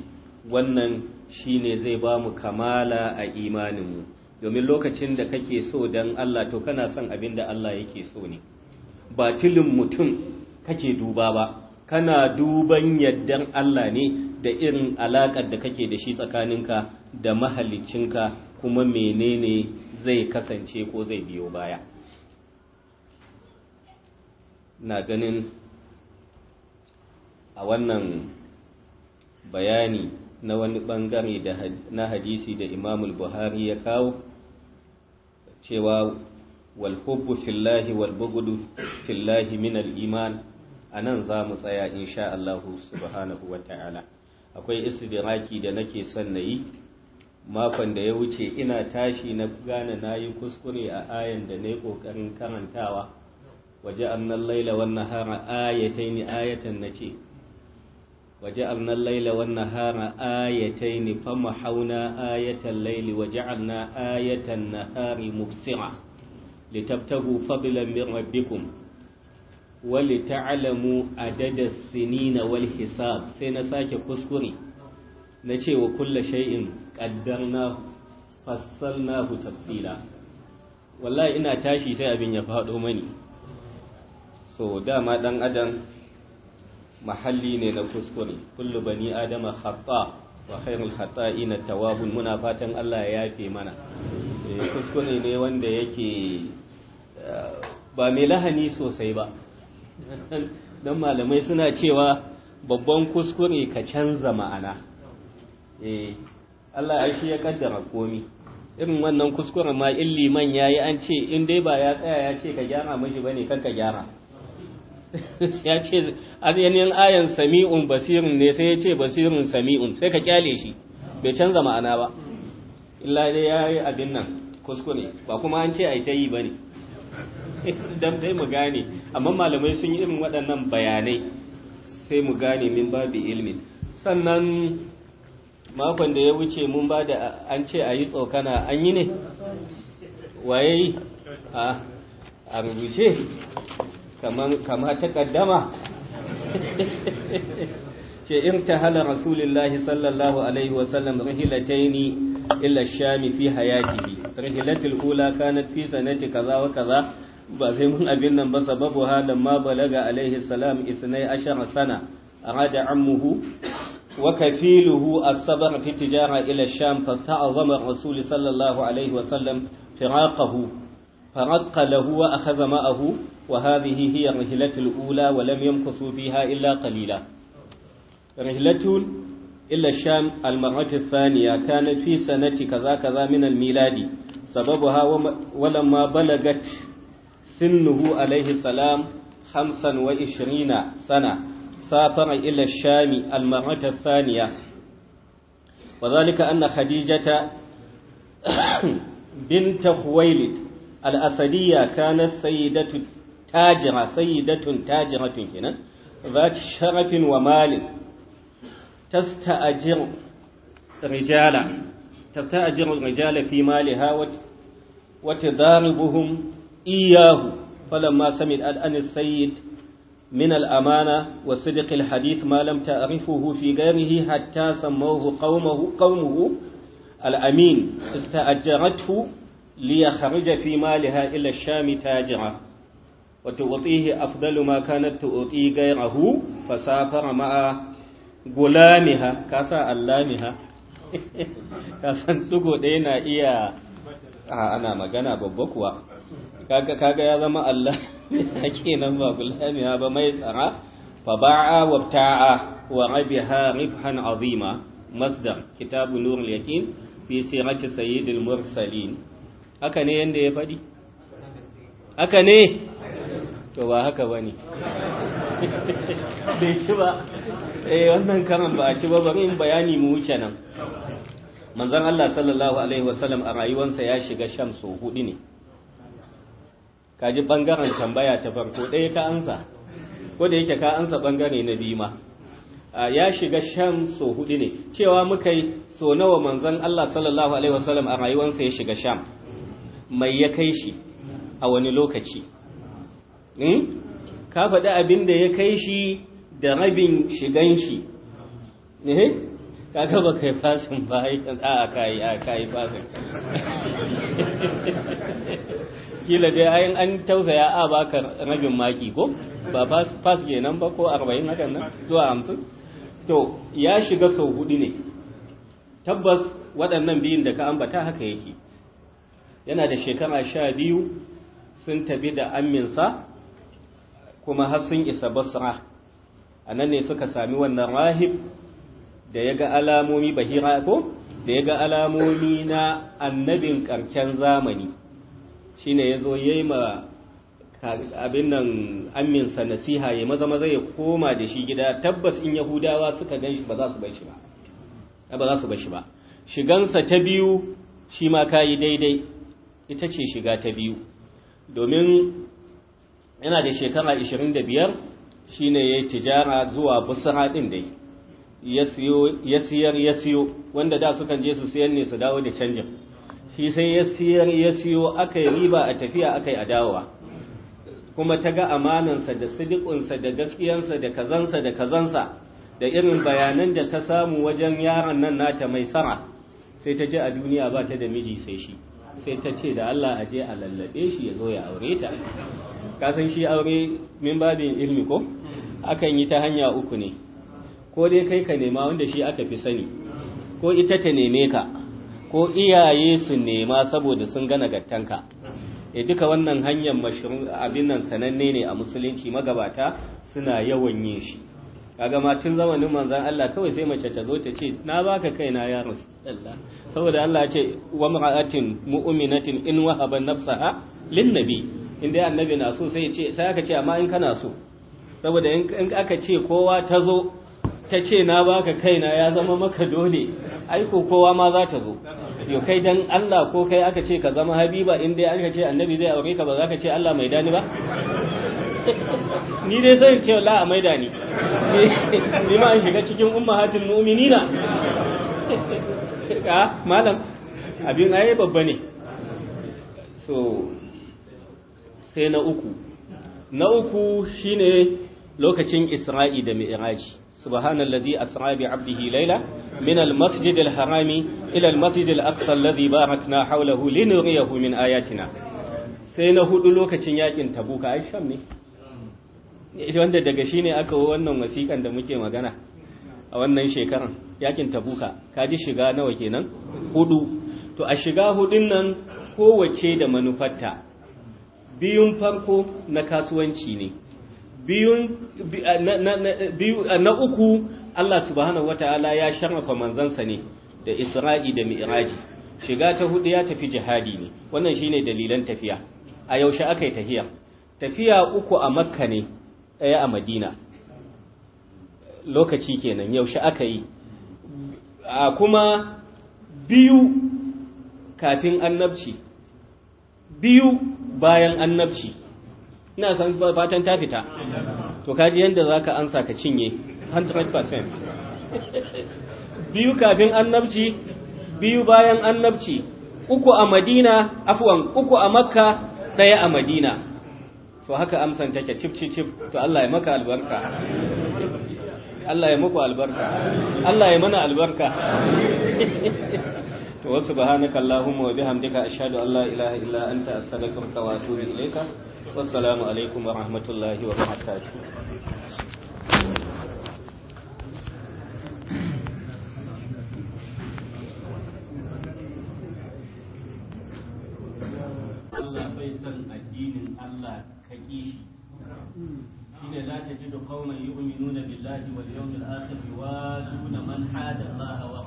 wannan shi ne zai ba mu kamala a imaninmu domin lokacin da kake so don Allah to kana son abin da Allah yake so ne ba tilin mutum kake duba ba kana duban yaddan Allah ne da irin alaƙar da kake da shi tsakaninka da mahalicinka kuma menene zai kasance ko zai biyo baya na ganin a wannan bayani na wani bangare na hadisi da imamul buhari ya kawo cewa walhubbu fillahi walbugudu fillahi minal iman a nan za mu tsaya insha Allahu subhanahu wa ta'ala akwai istidraki da nake son na yi makon da ya wuce ina tashi na gane na yi kuskure a ayan da na yi ƙoƙarin karantawa waje annan laila wannan hara ayatai ni ayatan na ce وجعلنا الليل والنهار آيتين فمحونا آية الليل وجعلنا آية النهار مبصرة لتبتغوا فضلا من ربكم ولتعلموا عدد السنين والحساب سينا ساكي كسكري نشي وكل شيء قدرناه فصلناه تفصيلا والله إنا تاشي سيابين يفهد أمني so dama dan adam mahalli ne na kuskure kullu bani adama khata wa khairul khata'ina tawabun muna fatan Allah ya yafe mana eh, kuskure ne wanda yake eh, ba mai lahani sosai ba dan malamai suna cewa babban kuskure ka canza ma'ana eh, Allah ya ya kaddara komi irin wannan kuskuren ma illi man yayi yi an ce in dai ba ya tsaya ya ce ka gyara mashi ba ne ka gyara ya ce yanayin ayan sami'un basirin ne sai ya ce basirin sami'un sai ka kyale shi bai canza ma'ana ba illa dai ya yi abin nan kuskure ba kuma an ce a yi ta yi ba ne don dai mu gane amma malamai sun yi irin waɗannan bayanai sai mu gane min ba bi ilmin sannan makon da ya wuce mun ba da an ce a yi tsokana an yi ne waye a rubuce kama ta kaddama ce irtahala rasulullahi sallallahu alaihi wasallam rihilataini ila shami fi hayatihi rihilatul ula kanat fi sanati kaza wa kaza ba sai mun abin nan ba sababu halan ma balaga alaihi salam isnai ashara sana arada ammuhu وكفيله الصبر في التجارة إلى الشام فاستعظم الرسول صلى الله عليه وسلم فراقه فرق له وأخذ معه وهذه هي الرحلة الأولى ولم يمكثوا فيها إلا قليلا رحلة إلى الشام المرة الثانية كانت في سنة كذا كذا من الميلاد سببها ولما بلغت سنه عليه السلام خمسا وعشرين سنة سافر إلى الشام المرة الثانية وذلك أن خديجة بنت خويلد الأسدية كانت سيدة تاجرة سيدة تاجرة هنا ذات شرف ومال تستأجر رجالا تستأجر الرجال في مالها وتضاربهم إياه فلما سمعت الآن السيد من الأمانة وصدق الحديث ما لم تعرفه في غيره حتى سموه قومه قومه الأمين استأجرته ليخرج في مالها إلى الشام تاجرا وتعطيه أفضل ما كانت تعطي غيره فسافر مع غلامها كاسا اللامها ɗaya na magana babba kuwa ya zama Allah ba mai tsara fa ba'a wa ta'a azima masdar kitabu nurul yakin fi sirati mursalin faɗi to ba haka ba ne bai ci ba eh wannan karan ba a ci ba bari in bayani mu wuce nan manzon Allah sallallahu alaihi wasallam a rayuwarsa ya shiga sham so hudu ne kaji bangaren tambaya ta farko ɗaya ka ansa ko da yake ka ansa bangare na biyu ma ya shiga sham so hudu ne cewa muka yi so nawa manzon Allah sallallahu alaihi wasallam a rayuwarsa ya shiga sham mai ya kai shi a wani lokaci Hmm? ka faɗi abin da ya kai shi da rabin shigan shi eh? Ka ba kai fasin ba a kai a kayi fasin kila dai ayin an tausaya a baka rabin maki ko ba fas kenan ba ko arba'in hakan nan zuwa hamsin to ya shiga sau hudu ne tabbas waɗannan biyun da ka ambata haka yake yana da shekara sha biyu sun tafi da aminsa kuma har sun isa basra a nan ne suka sami wannan rahib da ya ga alamomi bahira ko da ya ga alamomi na annabin karken zamani shi ne ya zo ya yi ma abin nan aminsa nasiha ya maza maza ya koma da shi gida tabbas in yahudawa suka gan ba za su bai shi ba ba za su bai shi ba shigansa ta biyu shi ma ka yi daidai ita ce shiga ta biyu domin yana da shekara 25 shine yayi tijara zuwa busra din dai ya siyo ya siyar ya siyo wanda da sukan je su siyan ne su dawo da canjin shi sai ya siyar ya siyo aka yi riba a tafiya aka yi a kuma ta ga amanansa da sidikunsa da gaskiyansa da kazansa da kazansa da irin bayanan da ta samu wajen yaron nan nata mai sara sai ta ji a duniya ba ta da miji sai shi sai ta ce da Allah a je a lallabe shi ya zo ya aure ta ka san shi aure min babin ilmi ko akan yi ta hanya uku ne ko dai kai ka nema wanda shi aka fi sani ko ita ta neme ka ko iyaye su nema saboda sun gana gattanka e duka wannan hanyar mashirin abin nan sananne ne a musulunci magabata suna yawan yin shi kaga ma tun zamanin manzon Allah kawai sai mace ta zo ta ce na baka kaina ya rasulullah saboda Allah ya ce wa mu'minatin in wahaba nafsaha lin nabi in dai annabi na so sai ce sai aka ce amma in kana so saboda in aka ce kowa ta zo ta ce na baka kaina ya zama maka dole aiko kowa ma za ta zo yo kai dan Allah ko kai aka ce ka zama habiba in dai aka ce annabi zai aure ka ba za ka ce Allah mai dani ba ni dai zan ce la a mai dani ni ma in shiga cikin ummahatul mu'minina ka ah, malam abin ai babba ne so sai na uku na uku shine lokacin isra'i da mi'raji subhanallazi asra bi 'abdihi layla min al-masjid harami ila al-masjid al-aqsa alladhi barakna hawlahu linuriyahu min ayatina sai na hudu lokacin yakin tabuka ai ne wanda daga shine aka wannan wasikan da muke magana a wannan shekaran yakin tabuka ji shiga nawa kenan hudu to a shiga hudun nan kowace da manufarta biyun farko na kasuwanci ne na uku Allah subhanahu wata'ala ya sharrafa manzansa ne da Isra'i da Mi'raji shiga ta hudu ya tafi jihadi ne wannan shine dalilan tafiya a yaushe aka yi tafiya tafiya uku a Makka ne ɗaya a Madina lokaci kenan yaushe aka yi a kuma biyu kafin annabci biyu bayan annabci ina san fatan ta fita to kaji yanda zaka ansa ka cinye 100% biyu kafin annabci biyu bayan annabci uku a madina afwan uku a makka daya a madina to haka amsan take cip cip cip to Allah ya maka albarka Allah ya muku albarka Allah ya mana albarka to wasu subhanaka allahumma wa bihamdika ashhadu an la ilaha illa anta astaghfiruka wa atubu ilayka wassalamu alaikum wa rahmatullahi wa barakatuh Allah bai san addinin Allah ka kishi shine la tajidu qauman yu'minuna billahi wal yawmil akhir yuwaduna man hada Allah wa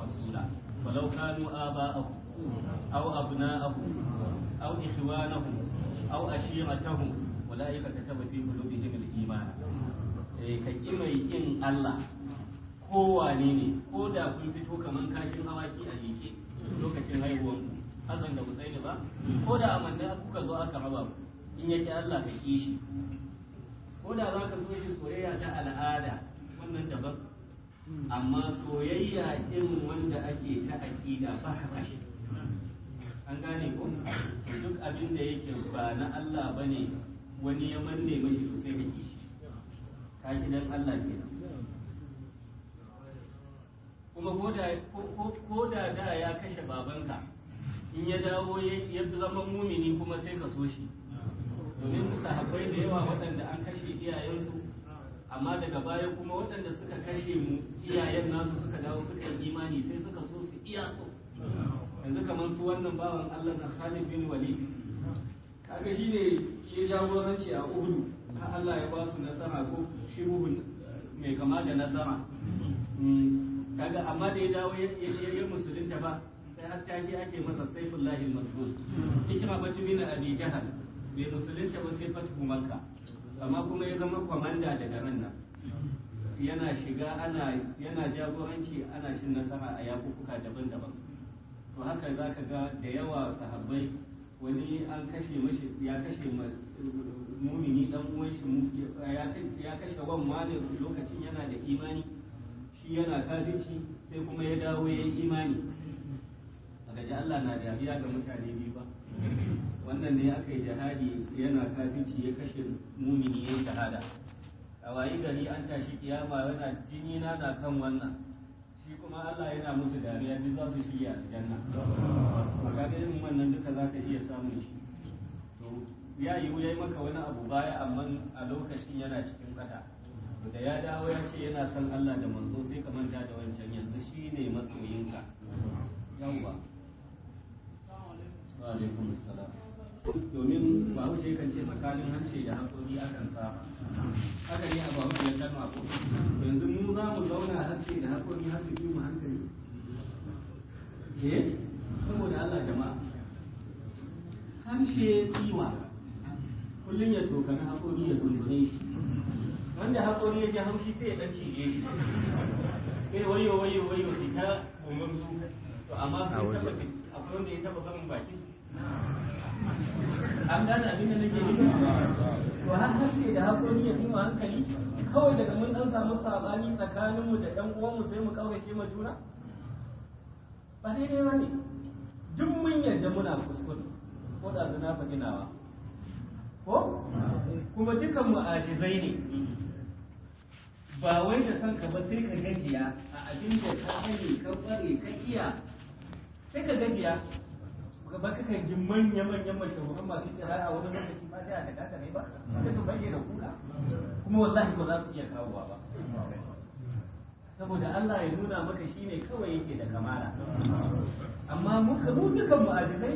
ولو كانوا آباءهم أو أبناءهم أو إخوانهم أو أشيرتهم أولئك كتب في قلوبهم الإيمان ka ƙi mai ƙin Allah ko wane ne ko da kun fito kamar kashin awaki a jike lokacin haihuwan ku Hassan da Husaini ba ko da amanna kuka zo aka raba ku in yake Allah ka ƙi shi ko da za ka so shi soyayya ta al'ada wannan daban amma soyayya irin wanda ake ta aƙida ba an gane ko duk abin da yake ba na Allah ba ne wani ya manne mashi to sai kishi. shi dan Allah ke kuma ko da da ya kashe babanka in ya dawo ya zama mumini kuma sai ka so shi domin sahabbai da yawa waɗanda an kashe iyayensu amma daga baya kuma waɗanda suka kashe mu iyayen nasu suka dawo suka yi imani sai suka so su iya so yanzu kamar su wannan bawan Allah na Khalid bin Walid kaga shine ya jagoranci a Uhud ka Allah ya ba su nasara ko Uhud eh, mai kama da nasara hmm, kaga amma da ya dawo ya musulunta ba sai har take ake masa saifullahi masbus kikira batu bin abi jahal bai musulunta ba sai fatu makka amma kuma ya zama kwamanda da garin nan yana shiga ana yana jagoranci ana cin nasara a yakukuka daban-daban to haka za ka ga da yawa sahabbai wani an kashe mashi ya kashe mumini dan uwan shi ya kashe wan lokacin yana da imani shi yana kafirci sai kuma ya dawo ya imani a gaji Allah na dariya ga mutane biyu ba wannan ne aka yi jihadi yana kafici ya kashe mumini ya shahada a wayi gari an tashi kiyama yana jini na na kan wannan shi kuma Allah yana musu dariya duk za su shige aljanna maka ga irin wannan duka za ka iya samun shi to ya yiwu ya maka wani abu baya amma a lokacin yana cikin bada da ya dawo ya ce yana son Allah da manzo sai ka manta da wancan yanzu shi ne masoyinka yawwa wa alaikum assalam domin ba haushe kan ce tsakanin harshe da haƙori akan saba haka ne a ba haushe ya kalma ko yanzu mu za mu zauna harshe da haƙori har su mu hankali eh saboda Allah jama'a harshe tsiwa kullum ya tokani haƙori ya tumbure shi wanda haƙori ya ji haushi sai ya ɗan cije shi sai wayo wayo wayo ki ta umurzu to amma kun taɓa akwai wanda ya taɓa barin baki an gane abin da nake yi to har harshe da haƙoƙi ya fi hankali kawai daga mun ɗan samu saɓani tsakaninmu da ɗan uwanmu sai mu ƙaurace ma juna ba daidai ba ne duk mun yarda muna kuskure ko da zina fa ginawa ko kuma dukan mu ajizai ne ba wai da ka ba sai ka gajiya a abin da ka sani ka kware ka iya sai ka gajiya ba ka kan ji manya-manyan mashahuran masu kira a wani lokaci ma sai a daga ta ne ba sai su da kuka kuma wallahi ba za su iya kawowa ba saboda Allah ya nuna maka shine kawai yake da kamala amma muka mu dukan mu'adilai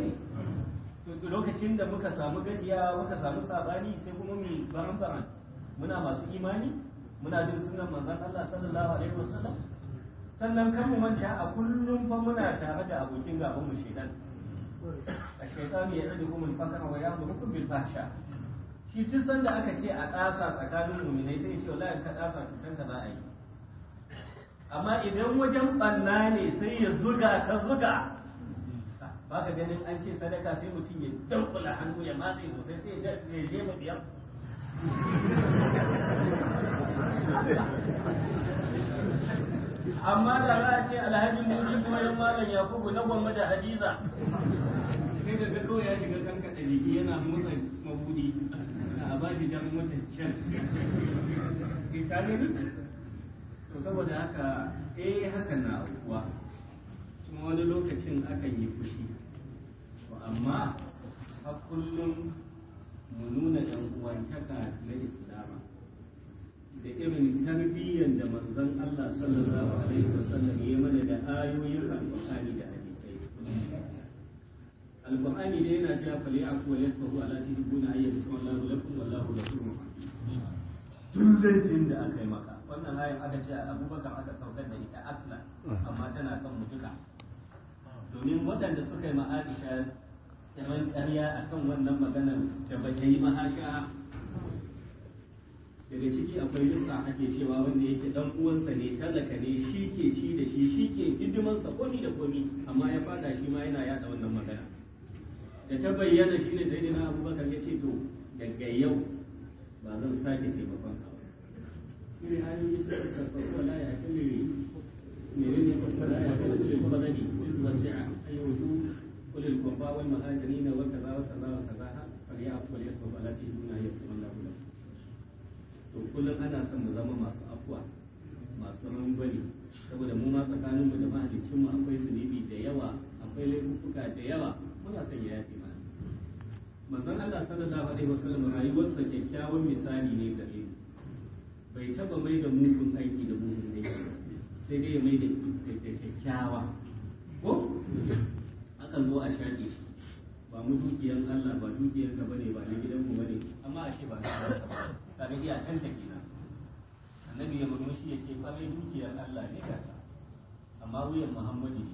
ne lokacin da muka samu gajiya muka samu sabani sai kuma mu baran baran muna masu imani muna jin sunan manzon Allah sallallahu alaihi wasallam sannan kan mu manta a kullum fa muna tare da abokin gaban mu shedan الشيطان يعدكم الفقر ويأمركم بالفحشاء shi tun sanda aka ce a tsasa tsakanin muminai sai ce wallahi ka tsasa cutan ka za a yi amma idan wajen banna ne sai ya zuga ka zuga ba ka ganin an ce sadaka sai mutum ya dankula hannu ya matse sosai sai ya je mu biyar amma da za a ce alhaji mutum kuma yan malam yakubu na gwamma da hadiza sai da ga ya shiga kan kaɗa jiki yana motsa mabudi a ba shi jan mota can to saboda haka eh haka na kuwa kuma wani lokacin akan yi fushi amma har kullum mu nuna ɗan uwantaka na islama da irin tarbiyyar da manzon Allah sallallahu alaihi wasallam ya mana da ayoyin alƙur'ani da alqur'ani dai yana cewa fali aku wa yasfahu ala tuhibuna ayyadu sallallahu lakum wallahu rasulun tun laifin da aka yi maka wannan ayin aka ce abubakar aka saukar da ita aslan amma tana kan mutuka domin waɗanda suka yi ma'aisha ƙarya a kan wannan maganar da ba ta yi ma'asha daga ciki akwai lissa ake cewa wanda yake dan uwansa ne talaka ne shi ke ci da shi shi ke hidimansa komi da komi amma ya fada shi ma yana yada wannan magana da ta bayyana shine sai na abubakar ya ce to daga yau ba zan sake taimakon ka ba ne ayoyi suka sarfafa wala ya hakimi ne ne ne fara ya hakimi kuma zani kul wasi'a ayyuhu kul al kufa wata muhajirin wa kaza wa kaza wa ya fal ya'fu wal yasfu wala tijuna yasfu Allahu lahu to kullum ana son mu zama masu afuwa masu rangwani saboda mu ma tsakaninmu da mahaliccinmu akwai zunubi da yawa akwai laifuka da yawa muna son yafi manzon Allah sallallahu alaihi wasallam rayuwarsa kyakkyawan misali ne gare mu bai taba mai da mugun aiki da mugun aiki sai dai ya mai da kyakkyawa ko akan zo a shaƙe shi ba mu dukiyar Allah ba dukiyar ka bane ba na mu bane amma a ce ba na ka ba ga iya kanta kenan annabi ya shi ya ce mai dukiyar Allah ne ka amma wuyan Muhammadu ne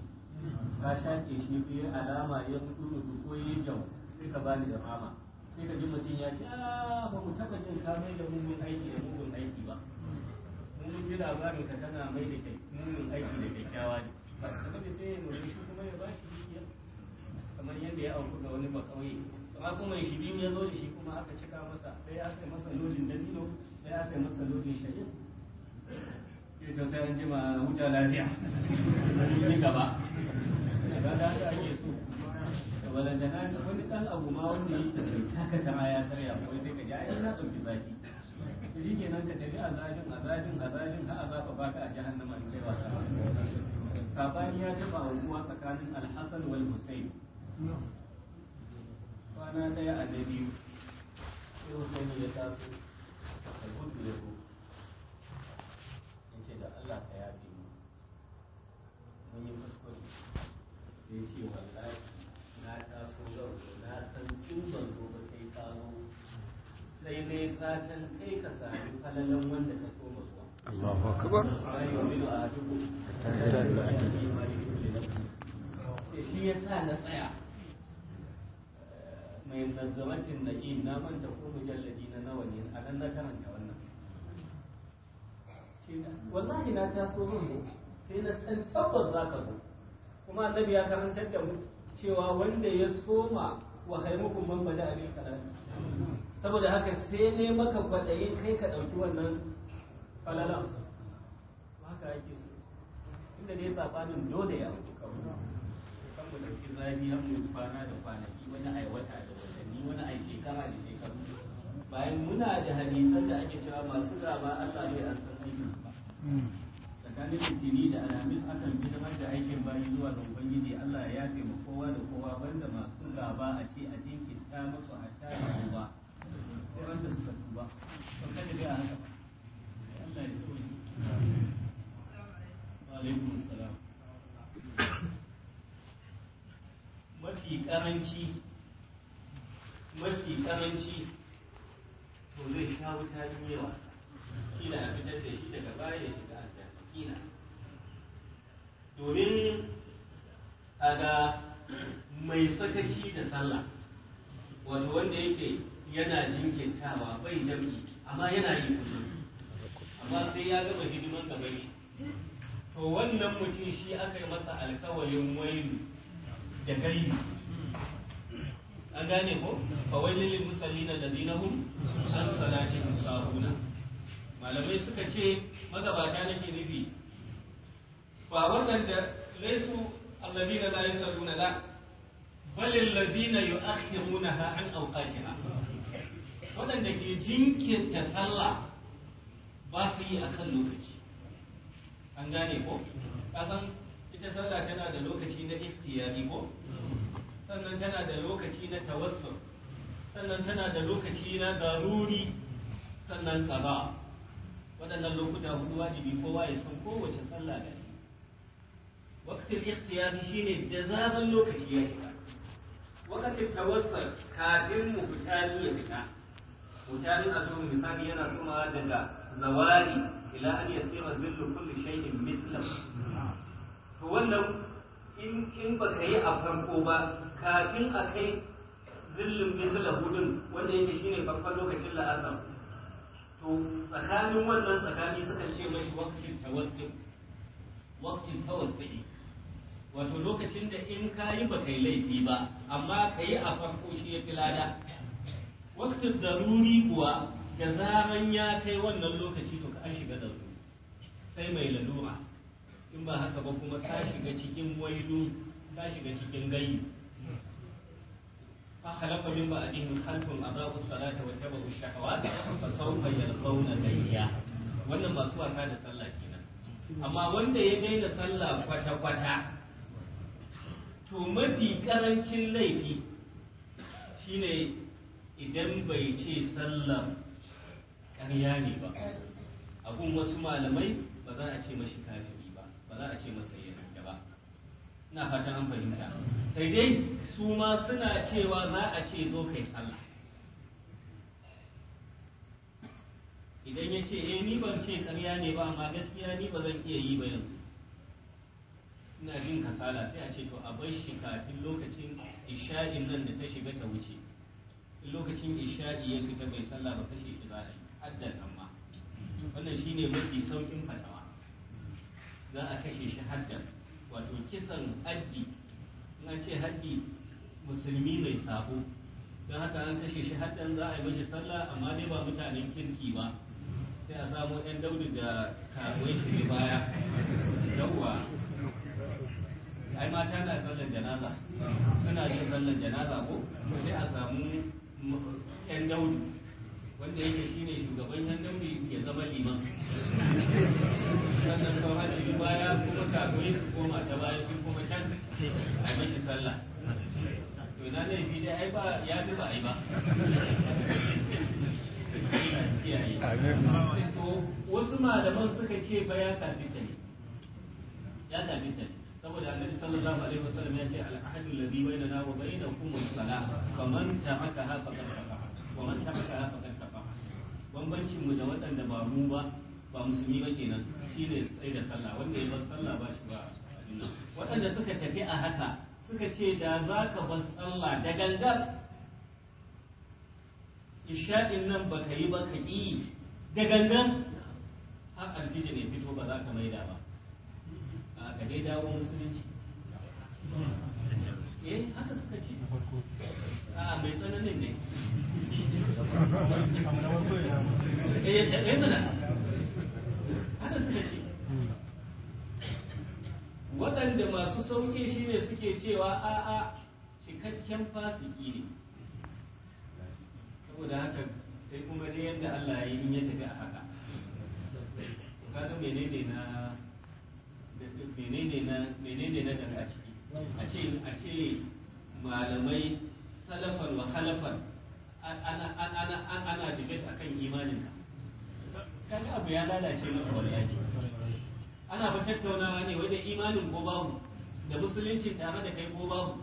ka shaƙe shi ne alama ya mutu ko ya jau sai ka bani da fama sai ka ji mutum ya ce ah, ba mu taba jin ka mai da mummun aiki da mummun aiki ba mun ji labarin ka tana mai da kai mugun aiki da kyakkyawa ne kuma sai ya mutu shi kuma ya bashi dukiya kamar yadda ya auku ga wani bakauye amma kuma shi biyu ya zo da shi kuma aka cika masa sai ya yi masa lodin dalilo sai ya yi masa lodin shari'a ke ce sai an jima huta lafiya a cikin gaba da da ake balantana ta wani ɗan abu ma wanda ya ta kai taka ta ma ya karya ko sai ka ji ai na ɗauki zafi shi ke nan ka tafi a a azabin azabin azabin har azaba baka a jahannama in kai wasa sabani ya taɓa ruwa tsakanin alhassan wal husain kwana ɗaya a na biyu sai husain ya taso da gudu ya ko. ya ce da allah ka yafe mu mun yi kuskure sai ce wallahi sai dai fatan kai ka sami falalan wanda ka so mu Allahu akbar eh, shi ya sa na tsaya eh, mai nazamatin na'im na manta ko mujalladi na nawa ne a nan na karanta wannan wallahi na taso mun sai na san tabbas za ka zo kuma annabi ya karantar da mu cewa wanda ya soma wa haimukum man bada abin kalam saboda haka sai ne maka kwaɗayi kai ka ɗauki wannan falalan haka ake so inda ne sabanin dole ya kan mu ɗauki zafi an mu kwana da kwanaki wani ai wata da watanni wani ai shekara da shekaru bayan muna da hadisan da ake cewa masu gaba Allah bai an san aikin ba tsakanin litini da alhamis akan bi bidamar da aikin bayi zuwa ga ubangiji Allah ya taimako da kowa banda masu gaba a ce a jinkirta musu a tare ba bai jam'i amma yana yi kusur amma sai ya gama hidiman da bai to wannan mutum shi aka yi masa alkawalin wailu da gaibi an gane ko fa wailil lil musallina allazina hum an salatihim sahuna malamai suka ce magabata nake nufi ba wannan da laisu allazina la yusalluna la bal allazina yu'akhirunaha an awqatiha waɗanda ke jinkirta sallah ba su yi a kan lokaci an gane ko kasan ita sallah tana da lokaci na iftiyari ko sannan tana da lokaci na tawassul sannan tana da lokaci na garuri sannan kaza waɗannan lokuta hudu wajibi kowa ya san kowace sallah da shi waktin shi shine da zaran lokaci ya fita waktin tawassul kafin mu fita ya fita mutanen azumin misali yana kuma daga zawari, ila an yasira zillu kulli shay'in mislam to wannan in in ba yi a farko ba kafin a kai zillin misla hudun wanda yake shine farkon lokacin la'asar to tsakanin wannan tsakani suka ce mashi waqtin tawassul waqtin tawassul wato lokacin da in kayi ba yi laifi ba amma kai a farko shi ya fi lada waktin daruri kuwa da zaran ya kai wannan lokaci to ka an shiga daruri sai mai lalura in ba haka ba kuma ka shiga cikin wailu ka shiga cikin gayi فخلف من بعدهم salata wa tabu shahawat fa sawfa يلقون gayya. wannan masu wasa da sallah kenan amma wanda ya daina sallah kwata-kwata to mafi karancin laifi shine idan bai ce sallah ƙarya ne ba abun wasu malamai ba za a ce mashi kafiri ba ba za a ce masa yarda ba ina fatan an fahimta sai dai su ma suna cewa za a ce zo kai sallah idan ya ce eh ni ban ce karya ne ba amma gaskiya ni ba zan iya yi ba yanzu ina jin kasala sai a ce to a bar shi kafin lokacin isha'in nan da ta shiga ta wuce lokacin isha'i ya fita bai sallah ba kashe shi za a yi haddan amma wannan shine mafi saukin fatawa za a kashe shi haddan wato kisan haddi in an ce haddi musulmi mai sabo don haka an kashe shi haddan za a yi mashi sallah amma dai ba mutanen kirki ba sai a samu yan daudu da kawai su ne baya yawwa ai mata na sallar janaza suna yin sallar janaza ko sai a samu yan daudu wanda yake ne shugaban yan daudu ya zama liman sannan kawai hajji baya kuma kagoyi su koma ta baya sun kuma can a mashi sallah to na fi dai ai ba ya fi ba ai ba wasu malaman suka ce ba ya tafi ta ne ya tafi ta ne saboda annabi sallallahu alaihi wasallam ya ce al-ahadu alladhi bainana wa bainakum as-salah faman tarakaha faqad kafa'a wa man tarakaha faqad kafa'a bambancin mu da waɗanda ba mu ba ba musulmi ba kenan shine sai da sallah wanda ya bar sallah ba shi ba waɗanda suka tafi a haka suka ce da za ka bar sallah da gangar isha'in nan ba ka yi ba ka ƙi da gangan har alfijir ya fito ba za ka maida ba ya dawo musulunci eh haka suka ce a mai tsananin ne eh da mana haka suka ce waɗanda masu sauke shine suke cewa a'a cikakken fasiki ne saboda haka sai kuma dai yadda Allah ya yi in ya tafi a haka ne ne na menene na dare a ciki a ce a ce malamai salafan wa halafan ana ana ana debate akan imanin ka kaga abu ya lalace wani wallahi ana ba tattaunawa ne wai da imanin ko babu da musulunci tare da kai ko babu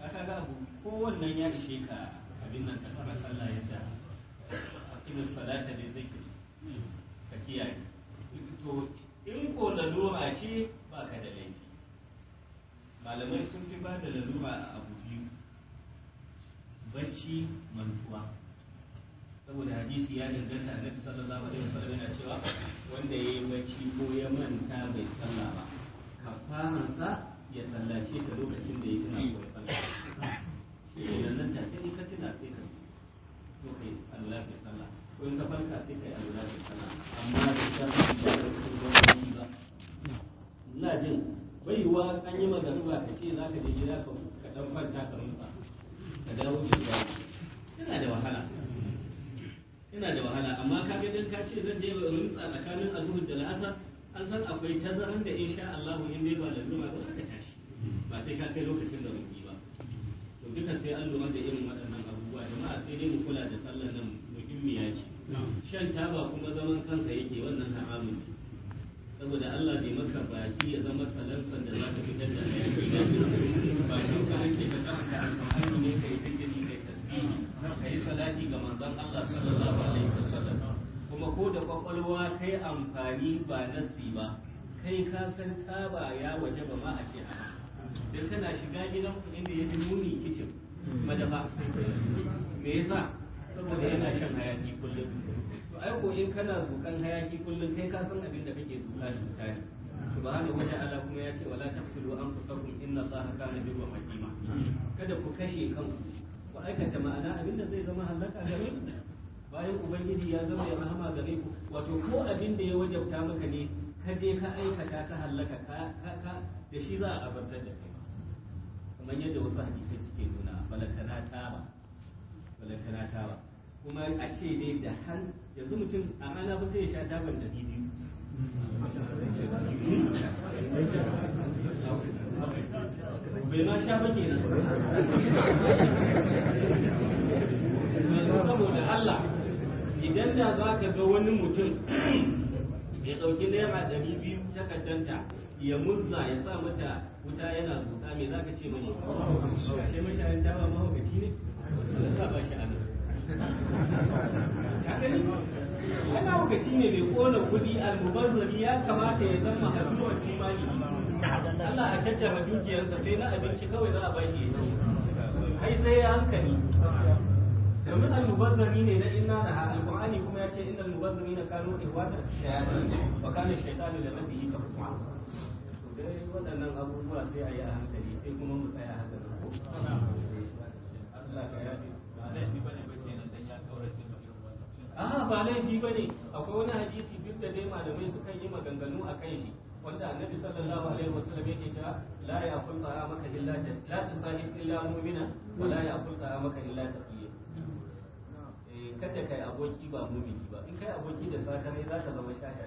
ga abu kowannan ya ishe ka abin nan ka fara sallah ya sa cikin salata da zikri ka kiyaye to in ko dora ce ba da laifi malamai sun fi ba da lalura a abu biyu bacci mantuwa saboda hadisi ya danganta a sallar sallallahu da yasar yana cewa wanda ya yi bacci ko ya manta bai salla ba kafaransa ya sallace ta lokacin da ya tuna ko ya salla shi ne nan tafi in ka tuna sai ka to kai Allah bai salla ko in ka sai kai Allah bai salla amma da ta da ba ina jin bai yiwuwa an yi ba ka ce za ka je gida ka dan kwanta ka rumsa ka dawo gida yana da wahala yana da wahala amma ka ga dan ka ce zan je rumsa tsakanin azhur da la'asar an san akwai tazaran da insha Allah in dai ba lalura ba za ka tashi ba sai ka kai lokacin da rubi ba to duka sai an lura da irin waɗannan abubuwa jama'a sai dai mu kula da sallar nan muhimmiya ce shan taba kuma zaman kansa yake wannan haramun ne saboda Allah bai maka baki ya zama salansan da za ka fitar da ba shauka ake ka karanta alƙur'ani ne kai zikiri kai tasbihi yi salati ga manzon Allah sallallahu alaihi wasallam kuma ko da kwakwalwa kai amfani ba nasi ba kai ka san taba ya waje ba ma a ce a dan kana shiga gidan inda ya fi muni kicin madafa me yasa saboda yana shan hayaki kullum to ai ko in kana zukan hayaki kullum kai ka san abin da kake zuka cuta ne subhanahu wa ta'ala kuma ya ce wala taqtulu anfusakum inna allaha kana bi rahima kada ku kashe kanku ku aikata ma'ana abin da zai zama halaka gare ku bayan ubangiji ya zama ya rahama gare ku wato ko abin da ya wajabta maka ne ka je ka aikata ka halaka ka da shi za a abartar da kai kamar yadda wasu hadisai suke nuna balantana ta ba balantana ta ba kuma a ce ne da hannu yanzu mutum a rana ba sai ya sha daban da biyu bai ma sha ba kenan saboda Allah idan da za ka ga wani mutum ya ɗauki naira ɗari biyu takardanta ya murza ya sa mata wuta yana zuka me za ka ce mashi ce mashi an tawa mahaukaci ne ba shi a Ana lokaci ne mai kona kudi almubazzari ya kamata ya zama hasuwar kimani. Allah a tattara dukiyarsa sai na abinci kawai za a bashi ya ci. Ai sai ya hankali. Domin almubazzari ne na inna da ha alƙur'ani kuma ya ce inna almubazzari na kano ihwatar shayatin wa kana shaitanu da mabiyi ka kuma. Dai waɗannan abubuwa sai a yi a hankali sai kuma mu tsaya a ba laifi ba ne akwai wani hadisi duk da dai malamai sukan yi maganganu a kan shi wanda annabi sallallahu alaihi wasallam yake cewa la tsara maka illa la tusahib illa mu'mina wa la tsara maka illa taqiyya eh kada kai aboki ba mu'mini ba in kai aboki da sakare za ka zama shaka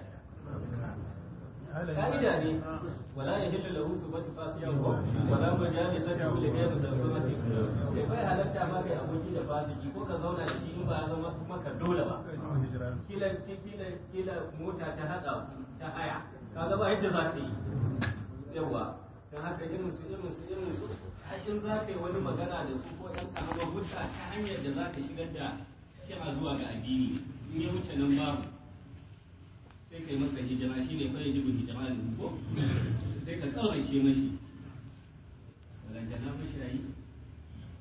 ka'ida ne wala ya hillu lahu subatu fasiqin wala majalisatu li ghayri darurati sai bai halatta ma kai aboki da fasiki ko ka zauna da shi in ba zama maka dole ba kila kila kila mota ta hada ta haya kaga ba yadda za ta yi yawa don haka irin su irin su irin su in za ka yi wani magana da su ko ɗan ƙaramar hutta ta hanyar da za ka shigar da kira zuwa ga addini in ya wuce nan babu sai ka yi masa hijira shi ne fa jibin hijira da ko sai ka kaurace mashi wala janabu shayi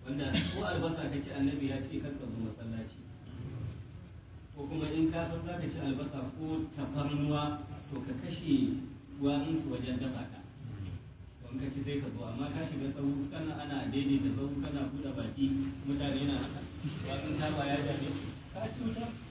wanda ko albasa ka ce annabi ya ce kar ka zo masallaci ko kuma in ka san ka ci albasa ko tafarnuwa to ka kashe warin su wajen dafa ka don ka ci sai ka zo amma ka shiga sahu kana ana daidaita sahu kana buɗe baki mutane na warin ta ba ya jame ka ci wuta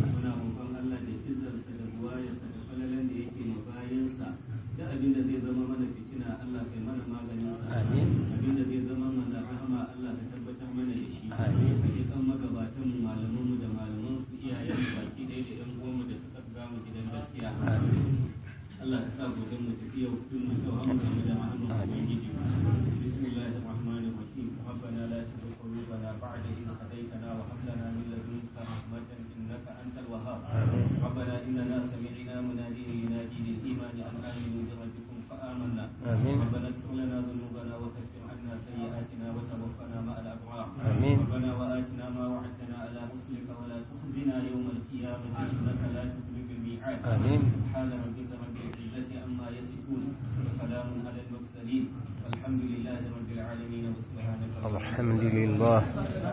إنك لا تخلف الميعاد سبحان ربك رب العزة عما يصفون وسلام على المرسلين والحمد لله رب العالمين وسبحانك الحمد لله